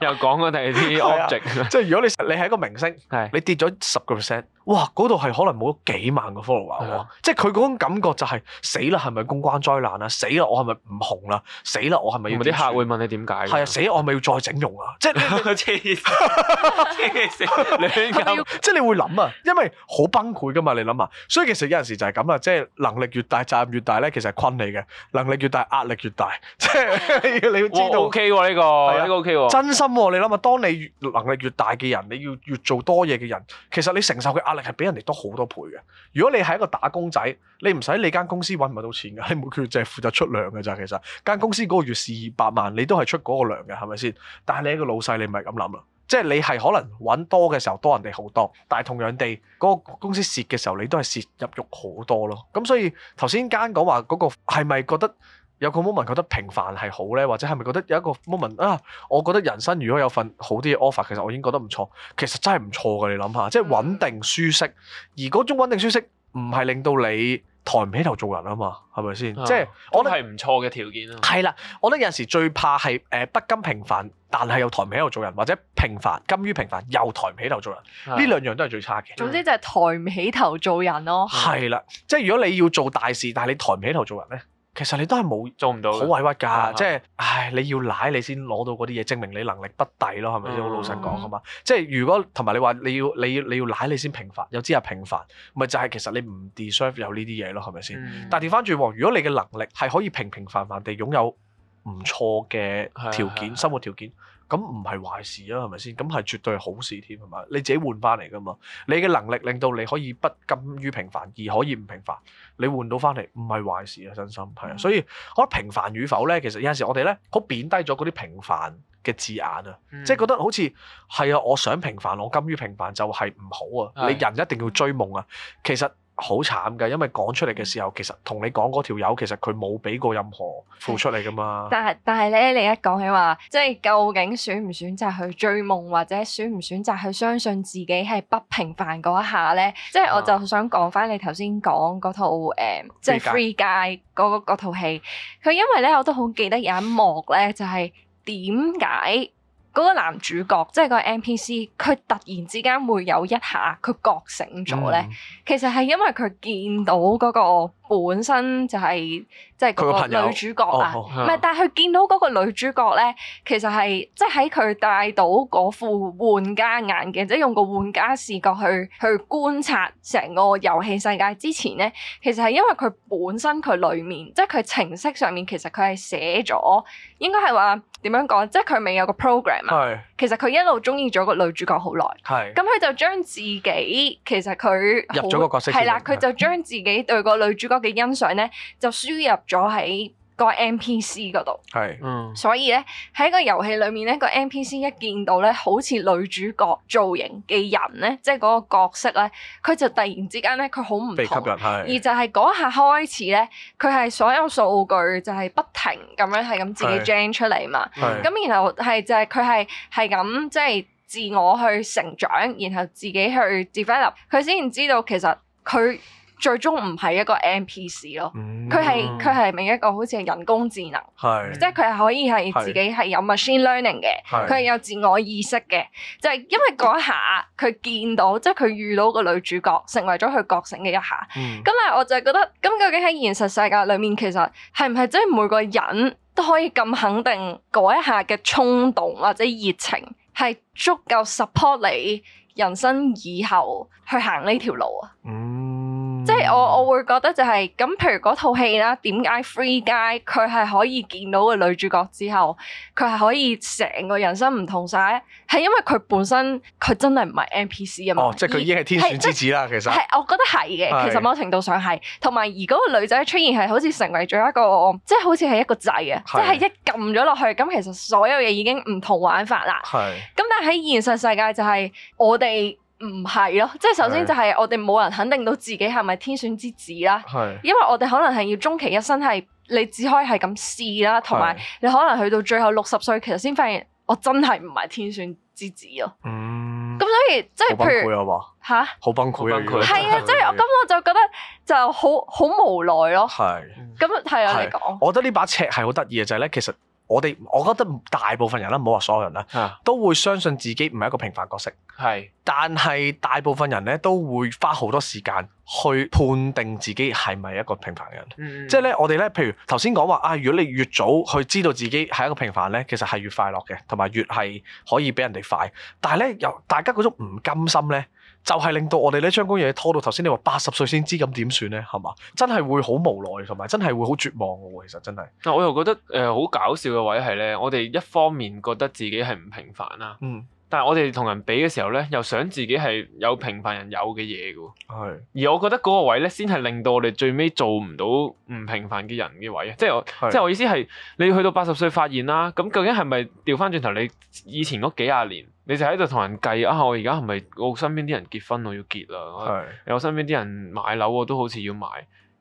C: 又講緊第二啲 object，
A: 即係如果你你係一個明星係，你跌咗十個 percent，哇！嗰度係可能冇幾萬個 follower 喎，即係佢嗰種感覺就係死啦，係咪公關災難啊？死啦，我係咪唔紅啦？死啦，我係咪要？咪啲客會問你點解？係啊，死我係咪要再整容啊？
C: 即係，黐
A: 線，黐線，兩個字。即係你會諗啊，因為好崩潰㗎嘛。你諗啊，所以其實有陣時就係咁啦，即係能力越大責任越大咧，其實係困你嘅能力越大壓力越大，即
C: 係 你要知道。OK 喎、啊、呢、這個，呢、啊、個 OK、啊、真
A: 心喎，你諗下，當你能力越大嘅人，你要越做多嘢嘅人，其實你承受嘅壓力係比人哋多好多倍嘅。如果你係一個打工仔，你唔使你間公司搵唔到錢嘅，冇佢淨係負責出糧嘅咋。其實間公司嗰個月是二百萬，你都係出嗰個糧嘅，係咪先？但係你是一個老細，你唔係咁諗啦。即係你係可能揾多嘅時候多人哋好多，但係同樣地嗰個公司蝕嘅時候，你都係蝕入肉好多咯。咁所以頭先間講話嗰個係咪覺得有個 moment 覺得平凡係好呢？或者係咪覺得有一個 moment 啊？我覺得人生如果有份好啲嘅 offer，其實我已經覺得唔錯。其實真係唔錯㗎，你諗下，即係穩定舒適。而嗰種穩定舒適唔係令到你抬唔起頭做人啊嘛，係咪先？嗯、即係我覺得係
C: 唔錯嘅條件啦、啊。係
A: 啦，我覺得有時最怕係誒不甘平凡，但係又抬唔起頭做人，或者平凡甘於平凡又抬唔起頭做人，呢兩、嗯、樣都係最差嘅。嗯、總之
B: 就係抬唔起頭做人咯。係
A: 啦，即係如果你要做大事，但係你抬唔起頭做人咧。其實你都係冇做唔到，好委屈㗎，即係是，唉，你要舐你先攞到嗰啲嘢，證明你能力不抵咯，係咪？好、嗯、老實講啊嘛，即係如果同埋你話你要你要你要舐你先平凡，又知係平凡，咪就係、是、其實你唔 deserve 有呢啲嘢咯，係咪先？嗯、但係調翻轉喎，如果你嘅能力係可以平平凡凡地擁有唔錯嘅條件，嗯嗯、生活條件。嗯嗯嗯嗯嗯咁唔係壞事啊，係咪先？咁係絕對好事添，係咪？你自己換翻嚟噶嘛，你嘅能力令到你可以不甘於平凡而可以唔平凡，你換到翻嚟唔係壞事啊，真心係啊。所以我覺得平凡與否呢？其實有陣時我哋呢，好貶低咗嗰啲平凡嘅字眼啊，即係、嗯、覺得好似係啊，我想平凡，我甘於平凡就係唔好啊。你人一定要追夢啊，其實。好慘嘅，因為講出嚟嘅時候，其實同你講嗰條友，其實佢冇俾過任何付出嚟噶嘛。
B: 但係但係咧，你一講起話，即係究竟選唔選擇去追夢，或者選唔選擇去相信自己係不平凡嗰一下咧？即係我就想講翻你頭先講嗰套誒，啊、即係 Free Guy 嗰嗰套戲。佢因為咧，我都好記得有一幕咧，就係點解。嗰個男主角，即係個 NPC，佢突然之間會有一下佢覺醒咗咧，嗯、其實係因為佢見到嗰、嗰個。本身就係即係嗰個女主角啊，唔係，但係佢見到嗰個女主角咧，其實係即係喺佢戴到嗰副玩家眼鏡，即係用個玩家視角去去觀察成個遊戲世界之前咧，其實係因為佢本身佢裡面，即係佢程式上面其實佢係寫咗，應該係話點樣講，即係佢未有個 program 啊。係。其實佢一路中意咗個女主角好耐，咁佢是就將自己其實佢入咗個角色，係啦的，佢就將自己對個女主角嘅欣賞呢， 就輸入咗喺個 NPC 嗰度，係，
A: 嗯，所
B: 以咧喺個遊戲裏面咧，個 NPC 一見到咧，好似女主角造型嘅人咧，即係嗰個角色咧，佢就突然之間咧，佢好唔被吸引，而就係嗰下開始咧，佢係所有數據就係不停咁樣係咁自己 generate 出嚟嘛，咁然後係就係佢係係咁即係自我去成長，然後自己去 develop，佢先知道其實佢。最終唔係一個 NPC 咯，佢係佢係咪一個好似人工智能？係是，即係佢係可以係自己係有 machine learning 嘅，佢係是有自我意識嘅。就係、是、因為嗰一下佢見到，即係佢遇到個女主角，成為咗佢覺醒嘅一下。咁啊、嗯，我就覺得，咁究竟喺現實世界裏面，其實係唔係真係每個人都可以咁肯定，嗰一下嘅衝動或者熱情係足夠 support 你人生以後去行呢條路啊？嗯。即係、嗯、我我會覺得就係、是、咁，譬如嗰套戲啦，點解 Free Guy 佢係可以見到個女主角之後，佢係可以成個人生唔同晒，係因為佢本身佢真係唔係 NPC 啊嘛。哦、即係佢已經係天選之子啦，其實係，我覺得係嘅，是其實某程度上係，同埋而嗰個女仔出現係好似成為咗一個，即係好似係一個掣嘅，即係是一撳咗落去，咁其實所有嘢已經唔同玩法啦。係是。咁但係喺現實世界就係、是、我哋。唔係咯，即係首先就係我哋冇人肯定到自己係咪天選之子啦，是因為我哋可能係要終其一生係你只可以係咁試啦，同埋你可能去到最後六十歲，其實先發現我真係唔係天選之子咯。嗯，咁所以即係譬如吓，
A: 好崩潰啊，係啊，即係我咁我
B: 就覺得就好好無奈咯。
A: 係的，
B: 咁係啊，你講。
A: 我覺得呢把尺係好得意嘅，就係咧，其實。我哋，我覺得大部分人啦，唔好話所有人啦，啊、都會相信自己唔係一個平凡角色。係是，但係大部分人咧都會花好多時間去判定自己係咪一個平凡嘅人。即係咧，我哋咧，譬如頭先講話啊，如果你越早去知道自己係一個平凡咧，其實係越快樂嘅，同埋越係可以俾人哋快。但係咧，由大家嗰種唔甘心咧。就係令到我哋呢張工嘢拖到頭先，你話八十歲先知咁點算呢？係嘛？真係會好無奈，同埋真係會好絕望嘅喎。其實真係。
C: 但我又覺得誒好搞笑嘅位係咧，我哋一方面覺得自己係唔平凡啦，嗯，但係我哋同人比嘅時候咧，又想自己係有平凡人有嘅嘢嘅喎。係。而我覺得嗰個位咧，先係令到我哋最尾做唔到唔平凡嘅人嘅位啊！即係我，即係係。我意思係，你去到八十歲發現啦，咁究竟係咪調翻轉頭？你以前嗰幾廿年？你就喺度同人計啊！我而家係咪我身邊啲人結婚，我要結啦？係。我身邊啲人買樓，我都好似要買。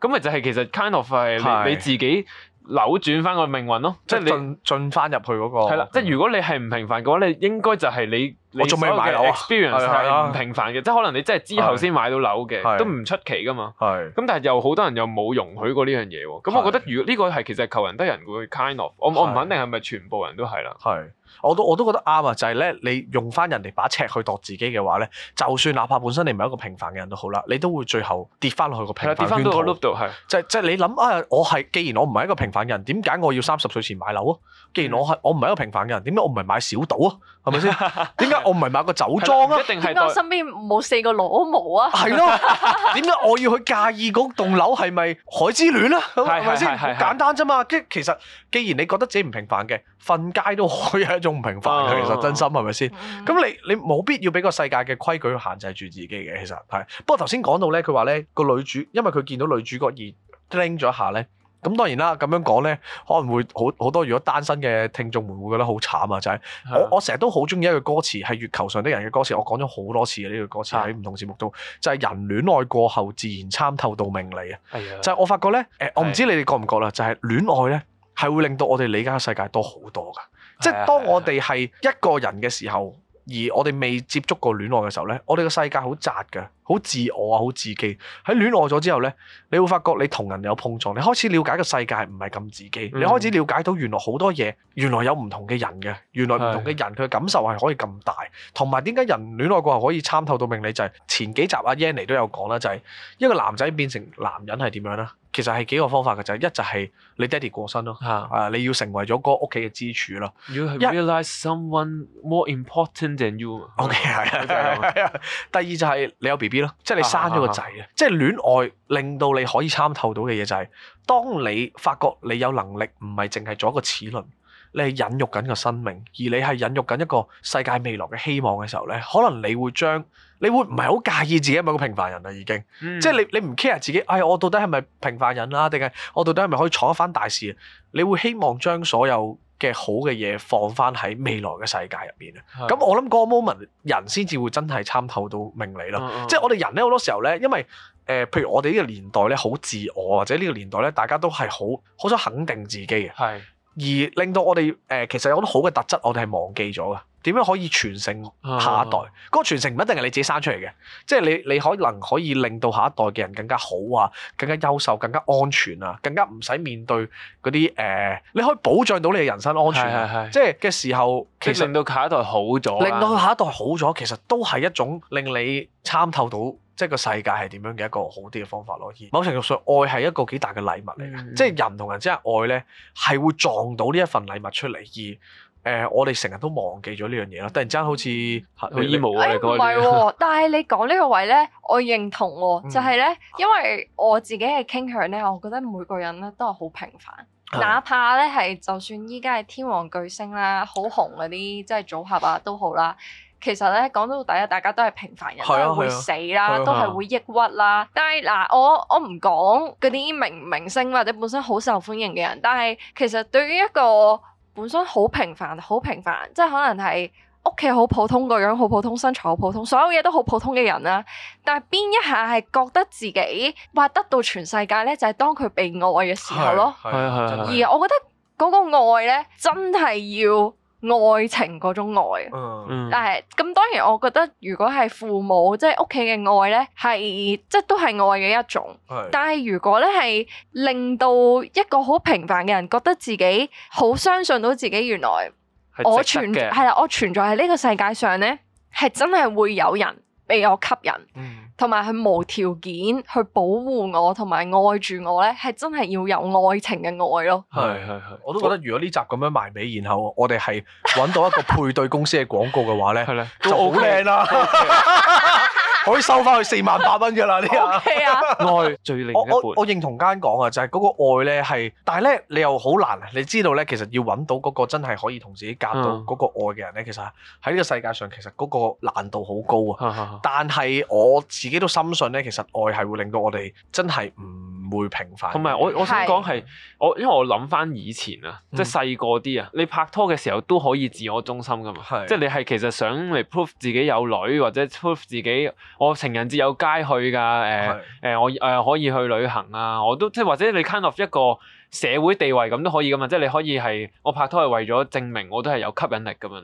C: 咁咪就係其實 kind of 係你自己扭轉翻個命運咯，即係進進翻入去嗰個。係啦，即係如果你係唔平凡嘅話，你應該就係你你所謂嘅 experience 係唔平凡嘅，即係可能你真係之後先買到樓嘅，都唔出奇噶嘛。係。咁但係又好多人又冇容許過呢樣嘢喎。咁我覺得如呢個係其實求人得人會 kind of，我我唔肯定係咪全部人都係啦。
A: 係。我都我都覺得啱啊！就係、是、咧，你用翻人哋把尺去度自己嘅話咧，就算哪怕本身你唔係一個平凡嘅人都好啦，你都會最後跌翻落去個平跌翻到個窿度係。即係即係、就是就是、你諗啊，我係既然我唔係一個平凡人，點解我要三十歲前買樓啊？既然我係我唔係一個平凡嘅人，點解我唔係買小島啊？係咪先？點解我唔係買個酒莊啊？點解我身
B: 邊冇四個裸模啊？係咯，
A: 點解我要去介意嗰棟樓係咪海之戀咧？係咪先？簡單咋嘛？即其實，既然你覺得自己唔平凡嘅，瞓街都可以係一種唔平凡嘅。其實真心係咪先？咁你你冇必要俾個世界嘅規矩限制住自己嘅。其實係。不過頭先講到咧，佢話咧個女主，因為佢見到女主角而聽咗一下咧。咁當然啦，咁樣講呢，可能會好好多。如果單身嘅聽眾們會覺得好慘啊！就係、是、我是的 我成日都好中意一句歌詞，係月球上的人嘅歌詞。我講咗好多次呢句、這個、歌詞喺唔是的 同節目中，就係、是、人戀愛過後，自然參透到命理啊。是的 就係我發覺呢，誒、呃、我唔知你哋覺唔覺啦，就係、是、戀愛呢係會令到我哋理解世界多好多噶。即、就、係、是、當我哋係一個人嘅時候，而我哋未接觸過戀愛嘅時候呢，我哋個世界好窄㗎。好自我啊，好自己。喺戀愛咗之後呢，你會發覺你同人有碰撞，你開始了解個世界唔係咁自己。嗯、你開始了解到原來好多嘢原來有唔同嘅人嘅，原來唔同嘅人佢嘅是的 感受係可以咁大，同埋點解人戀愛過後可以參透到命理就係、是、前幾集阿 Yanny 都有講啦，就係、是、一個男仔變成男人係點樣啦。其實係幾個方法嘅，就係一就係你爹哋過身咯，啊你要成為咗個屋企嘅支柱啦。realise someone more important than you。我哋第二就係你有 B。即係你生咗個仔啊！啊即係戀愛令到你可以參透到嘅嘢就係、是，當你發覺你有能力，唔係淨係做一個齒輪，你係孕育緊個生命，而你係孕育緊一個世界未來嘅希望嘅時候呢，可能你會將，你會唔係好介意自己係咪個平凡人啊？已經，嗯、即係你你唔 care 自己，哎，我到底係咪平凡人啦？定係我到底係咪可以闖一番大事？你會希望將所有嘅好嘅嘢放翻喺未來嘅世界入邊啊！咁是的 我諗嗰個 moment 人先至會真係參透到命理咯。嗯嗯，即係我哋人咧好多時候咧，因為誒、呃，譬如我哋呢個年代咧好自我，或者呢個年代咧大家都係好好想肯定自己嘅。而令到我哋誒、呃，其實有好多好嘅特質，我哋係忘記咗嘅。點樣可以傳承下一代？嗰、哦、個傳承唔一定係你自己生出嚟嘅，即係你你可能可以令到下一代嘅人更加好啊，更加優秀，更加安全啊，更加唔使面對嗰啲誒，你可以保障到你嘅人身安全，係係係即係嘅時
C: 候，其實令到下一代好
A: 咗，了令到下一代好咗，其實都係一種令你參透到。即係個世界係點樣嘅一個好啲嘅方法咯。某程度上，愛係一個幾大嘅禮物嚟嘅。嗯、即係人同人之間愛咧，係會撞到呢一份禮物出嚟。而誒、呃，我哋成日都忘記咗呢樣嘢咯。突然之間好似去醫務嗰個。唔係喎，
B: 但係你講呢個位咧，我認同喎、哦。就係咧，因為我自己嘅傾向咧，我覺得每個人咧都係好平凡，嗯、哪怕咧係就算依家係天王巨星啦，好紅嗰啲，即係組合啊都好啦。其實咧講到底啊，大家都係平凡人， 對對對都係會死啦，都係會抑鬱啦。但係嗱，我我唔講嗰啲明明星或者本身好受歡迎嘅人。但係其實對於一個本身好平凡、好平凡，即係可能係屋企好普通個樣、好普通身材、好普通，所有嘢都好普通嘅人啦。但係邊一下係覺得自己挖得到全世界咧？就係當佢被愛嘅時候咯。
C: 係啊係啊。而我
B: 覺得嗰個愛咧，真係要。愛情嗰種愛，嗯、但係咁當然，我覺得如果係父母即係屋企嘅愛咧，係即、即係、都係愛嘅一種。是但係如果咧係令到一個好平凡嘅人覺得自己好相信到自己，原來我存係啦，我存在喺呢個世界上咧，係真係會有人俾我吸引。嗯同埋佢無條件去保護我，同埋愛住我呢，係真係要有愛情嘅愛咯。係係係，
A: 我都覺得如果呢集咁樣埋尾，然後我哋係揾到一個配對公司嘅廣告嘅話呢 就好靚啦。 可以收翻去四萬八蚊嘅啦，呢個 愛最另一半我我。我認同間講啊，就係、是、嗰個愛咧係，但係咧你又好難啊。你知道咧，其實要揾到嗰個真係可以同自己夾到嗰個愛嘅人咧，嗯、其實喺呢個世界上其實嗰個難度好高啊。 但係我自己都深信咧，其實愛係會令到我哋真係唔。唔會平凡，同埋我我想講係
C: 我，是因為我諗翻以前啊，嗯、即係細個啲啊，你拍拖嘅時候都可以自我中心噶嘛，是即係你係其實想嚟 prove 自己有女，或者 prove 自己我情人節有街去噶，誒、呃、誒是、呃、我誒、呃、可以去旅行啊，我都即係或者你 kind of 一個社會地位咁都可以噶嘛，即係你可以係我拍拖係為咗證明我都係有吸引力噶嘛。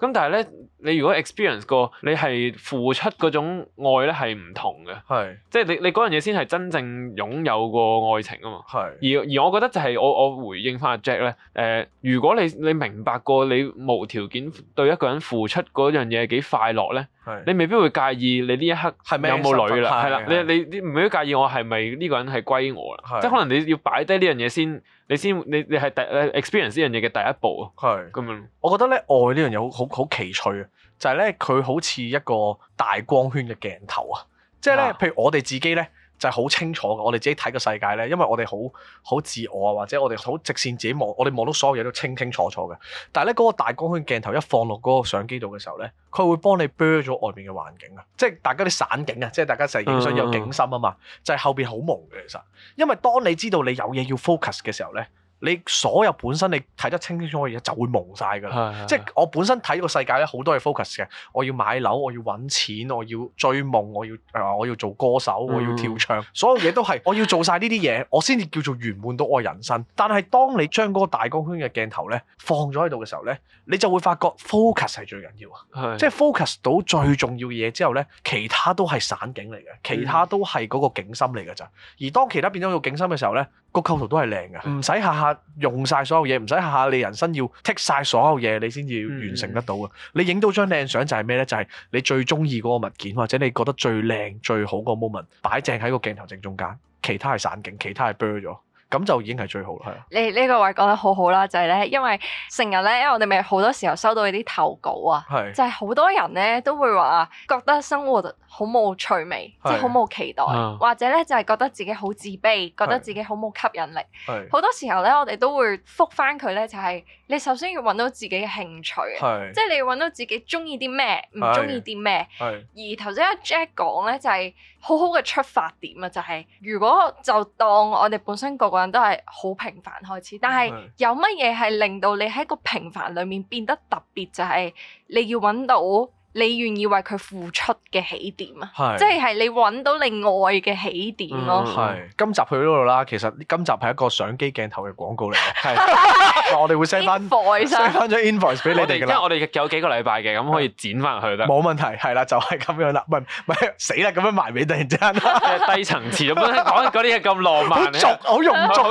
C: 咁但係咧，你如果 experience 過，你係付出嗰種愛咧，係唔同嘅。係，即係你你嗰樣嘢先係真正擁有過愛情啊嘛。係的。而而我覺得就係我我回應翻阿 Jack 咧，誒、呃，如果你你明白過你無條件對一個人付出嗰樣嘢幾快樂咧，的你未必會介意你呢一刻有冇女啦，係啦。你你唔會介意我係咪呢個人係歸我啦，的即係可能你要擺低呢樣嘢先。你先，你你係第 experience 呢樣嘢嘅第一步啊，係咁樣，我覺
A: 得呢愛呢樣嘢好好好奇趣啊，就係呢，佢好似一個大光圈嘅鏡頭啊，即係呢，啊，譬如我哋自己呢。就係好清楚嘅，我哋自己睇個世界咧，因為我哋好好自我啊，或者我哋好直線自己望，我哋望到所有嘢都清清楚楚嘅。但係咧，嗰個大光圈鏡頭一放落嗰個相機度嘅時候咧，佢會幫你 blur 咗外面嘅環境啊，即係大家啲散景啊，即係大家成日影相有景深啊嘛，嗯嗯，就係後邊好朦嘅其實。因為當你知道你有嘢要 focus 嘅時候咧。你所有本身你睇得清清楚嘅嘢就會矇曬㗎啦，是的 即係我本身睇個世界咧好多係 focus 嘅，我要買樓，我要搵錢，我要追夢，我要誒、呃、我要做歌手，嗯、我要跳唱，所有嘢都係 我要做晒呢啲嘢，我先至叫做圓滿到我人生。但係當你將嗰個大光圈嘅鏡頭咧放咗喺度嘅時候咧，你就會發覺 focus 係最緊
C: 要啊，即係
A: focus 到最重要嘅嘢之後咧，其他都係散景嚟嘅，其他都係嗰個景深嚟㗎咋。嗯、而當其他變咗做景深嘅時候咧，個構圖都係靚嘅，唔使下下。用晒所有嘢，唔使下你人生要剔晒所有嘢，你先至完成得到嘅。嗯、你影到張靚相就係咩咧？就係、是、你最中意嗰個物件，或者你覺得最靚最好個 moment 擺正喺個鏡頭正中間，其他係散景，其他係 blur 咗。咁就已經係最好啦，係。你
B: 呢個位講得好好啦，就係咧，因為成日咧，我哋咪好多時候收到啲投稿啊，係。就係好多人咧都會話覺得生活好冇趣味，即係好冇期待，嗯、或者咧就係覺得自己好自卑，覺得自己好冇吸引力，好多時候咧我哋都會覆返佢咧，就係、係。你首先要揾到自己嘅興趣，是即係你要揾到自己中意啲咩，唔中意啲咩。是而頭先阿 Jack 講咧，就係好好嘅出發點啊，就係、是、如果就當我哋本身個個人都係好平凡開始，但係有乜嘢係令到你喺個平凡裡面變得特別，就係、是、你要揾到。你願意為佢付出嘅起點啊？係，即係係你揾到另外嘅起點咯。係。
A: 今集去到呢度啦，其實今集係一個相機鏡頭嘅廣告嚟。係，嗱我哋會 send 翻 send 翻張 invoice 俾你哋㗎啦。因
C: 為我哋有幾個禮拜嘅，咁可以剪翻去啦。冇
A: 問題，係啦，就係咁樣啦。唔唔，死啦，咁樣埋尾，突然之間
C: 低層次咁講嗰啲嘢咁浪漫，好用好用俗，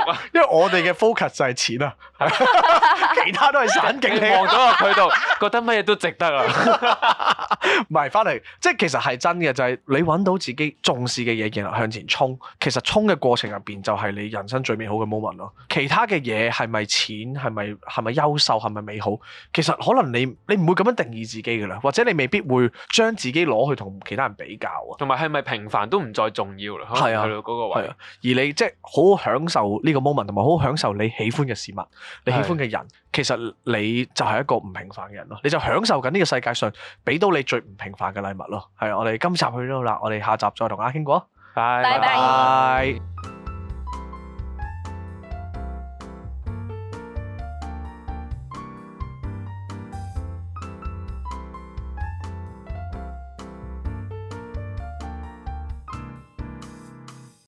C: 啊！
A: 因為我哋嘅 focus 就係錢啊，
C: 其他都係散景，你望咗落去度覺得乜嘢都值得啊！
A: 唔係，翻嚟 即係其實係真嘅，就係、是、你揾到自己重視嘅嘢，然後向前衝。其實衝嘅過程入邊就係你人生最美好嘅 moment 咯。其他嘅嘢係咪錢？係咪係咪優秀？係咪美好？其實可能你你唔會咁樣定義自己噶啦，或者你未必會將自己攞去同其他人比
C: 較啊。同埋係咪平凡都唔再重要啦？係啊，嗰個位、啊啊。
A: 而你即係好好享受呢個 moment，同埋好好享受你喜歡嘅事物，啊、你喜歡嘅人。其實你就係一個唔平凡嘅人咯，你就享受緊呢個世界上俾到你最唔平凡嘅禮物咯。係啊，我哋今集去到啦，我哋下集再同阿軒講。拜拜。拜拜。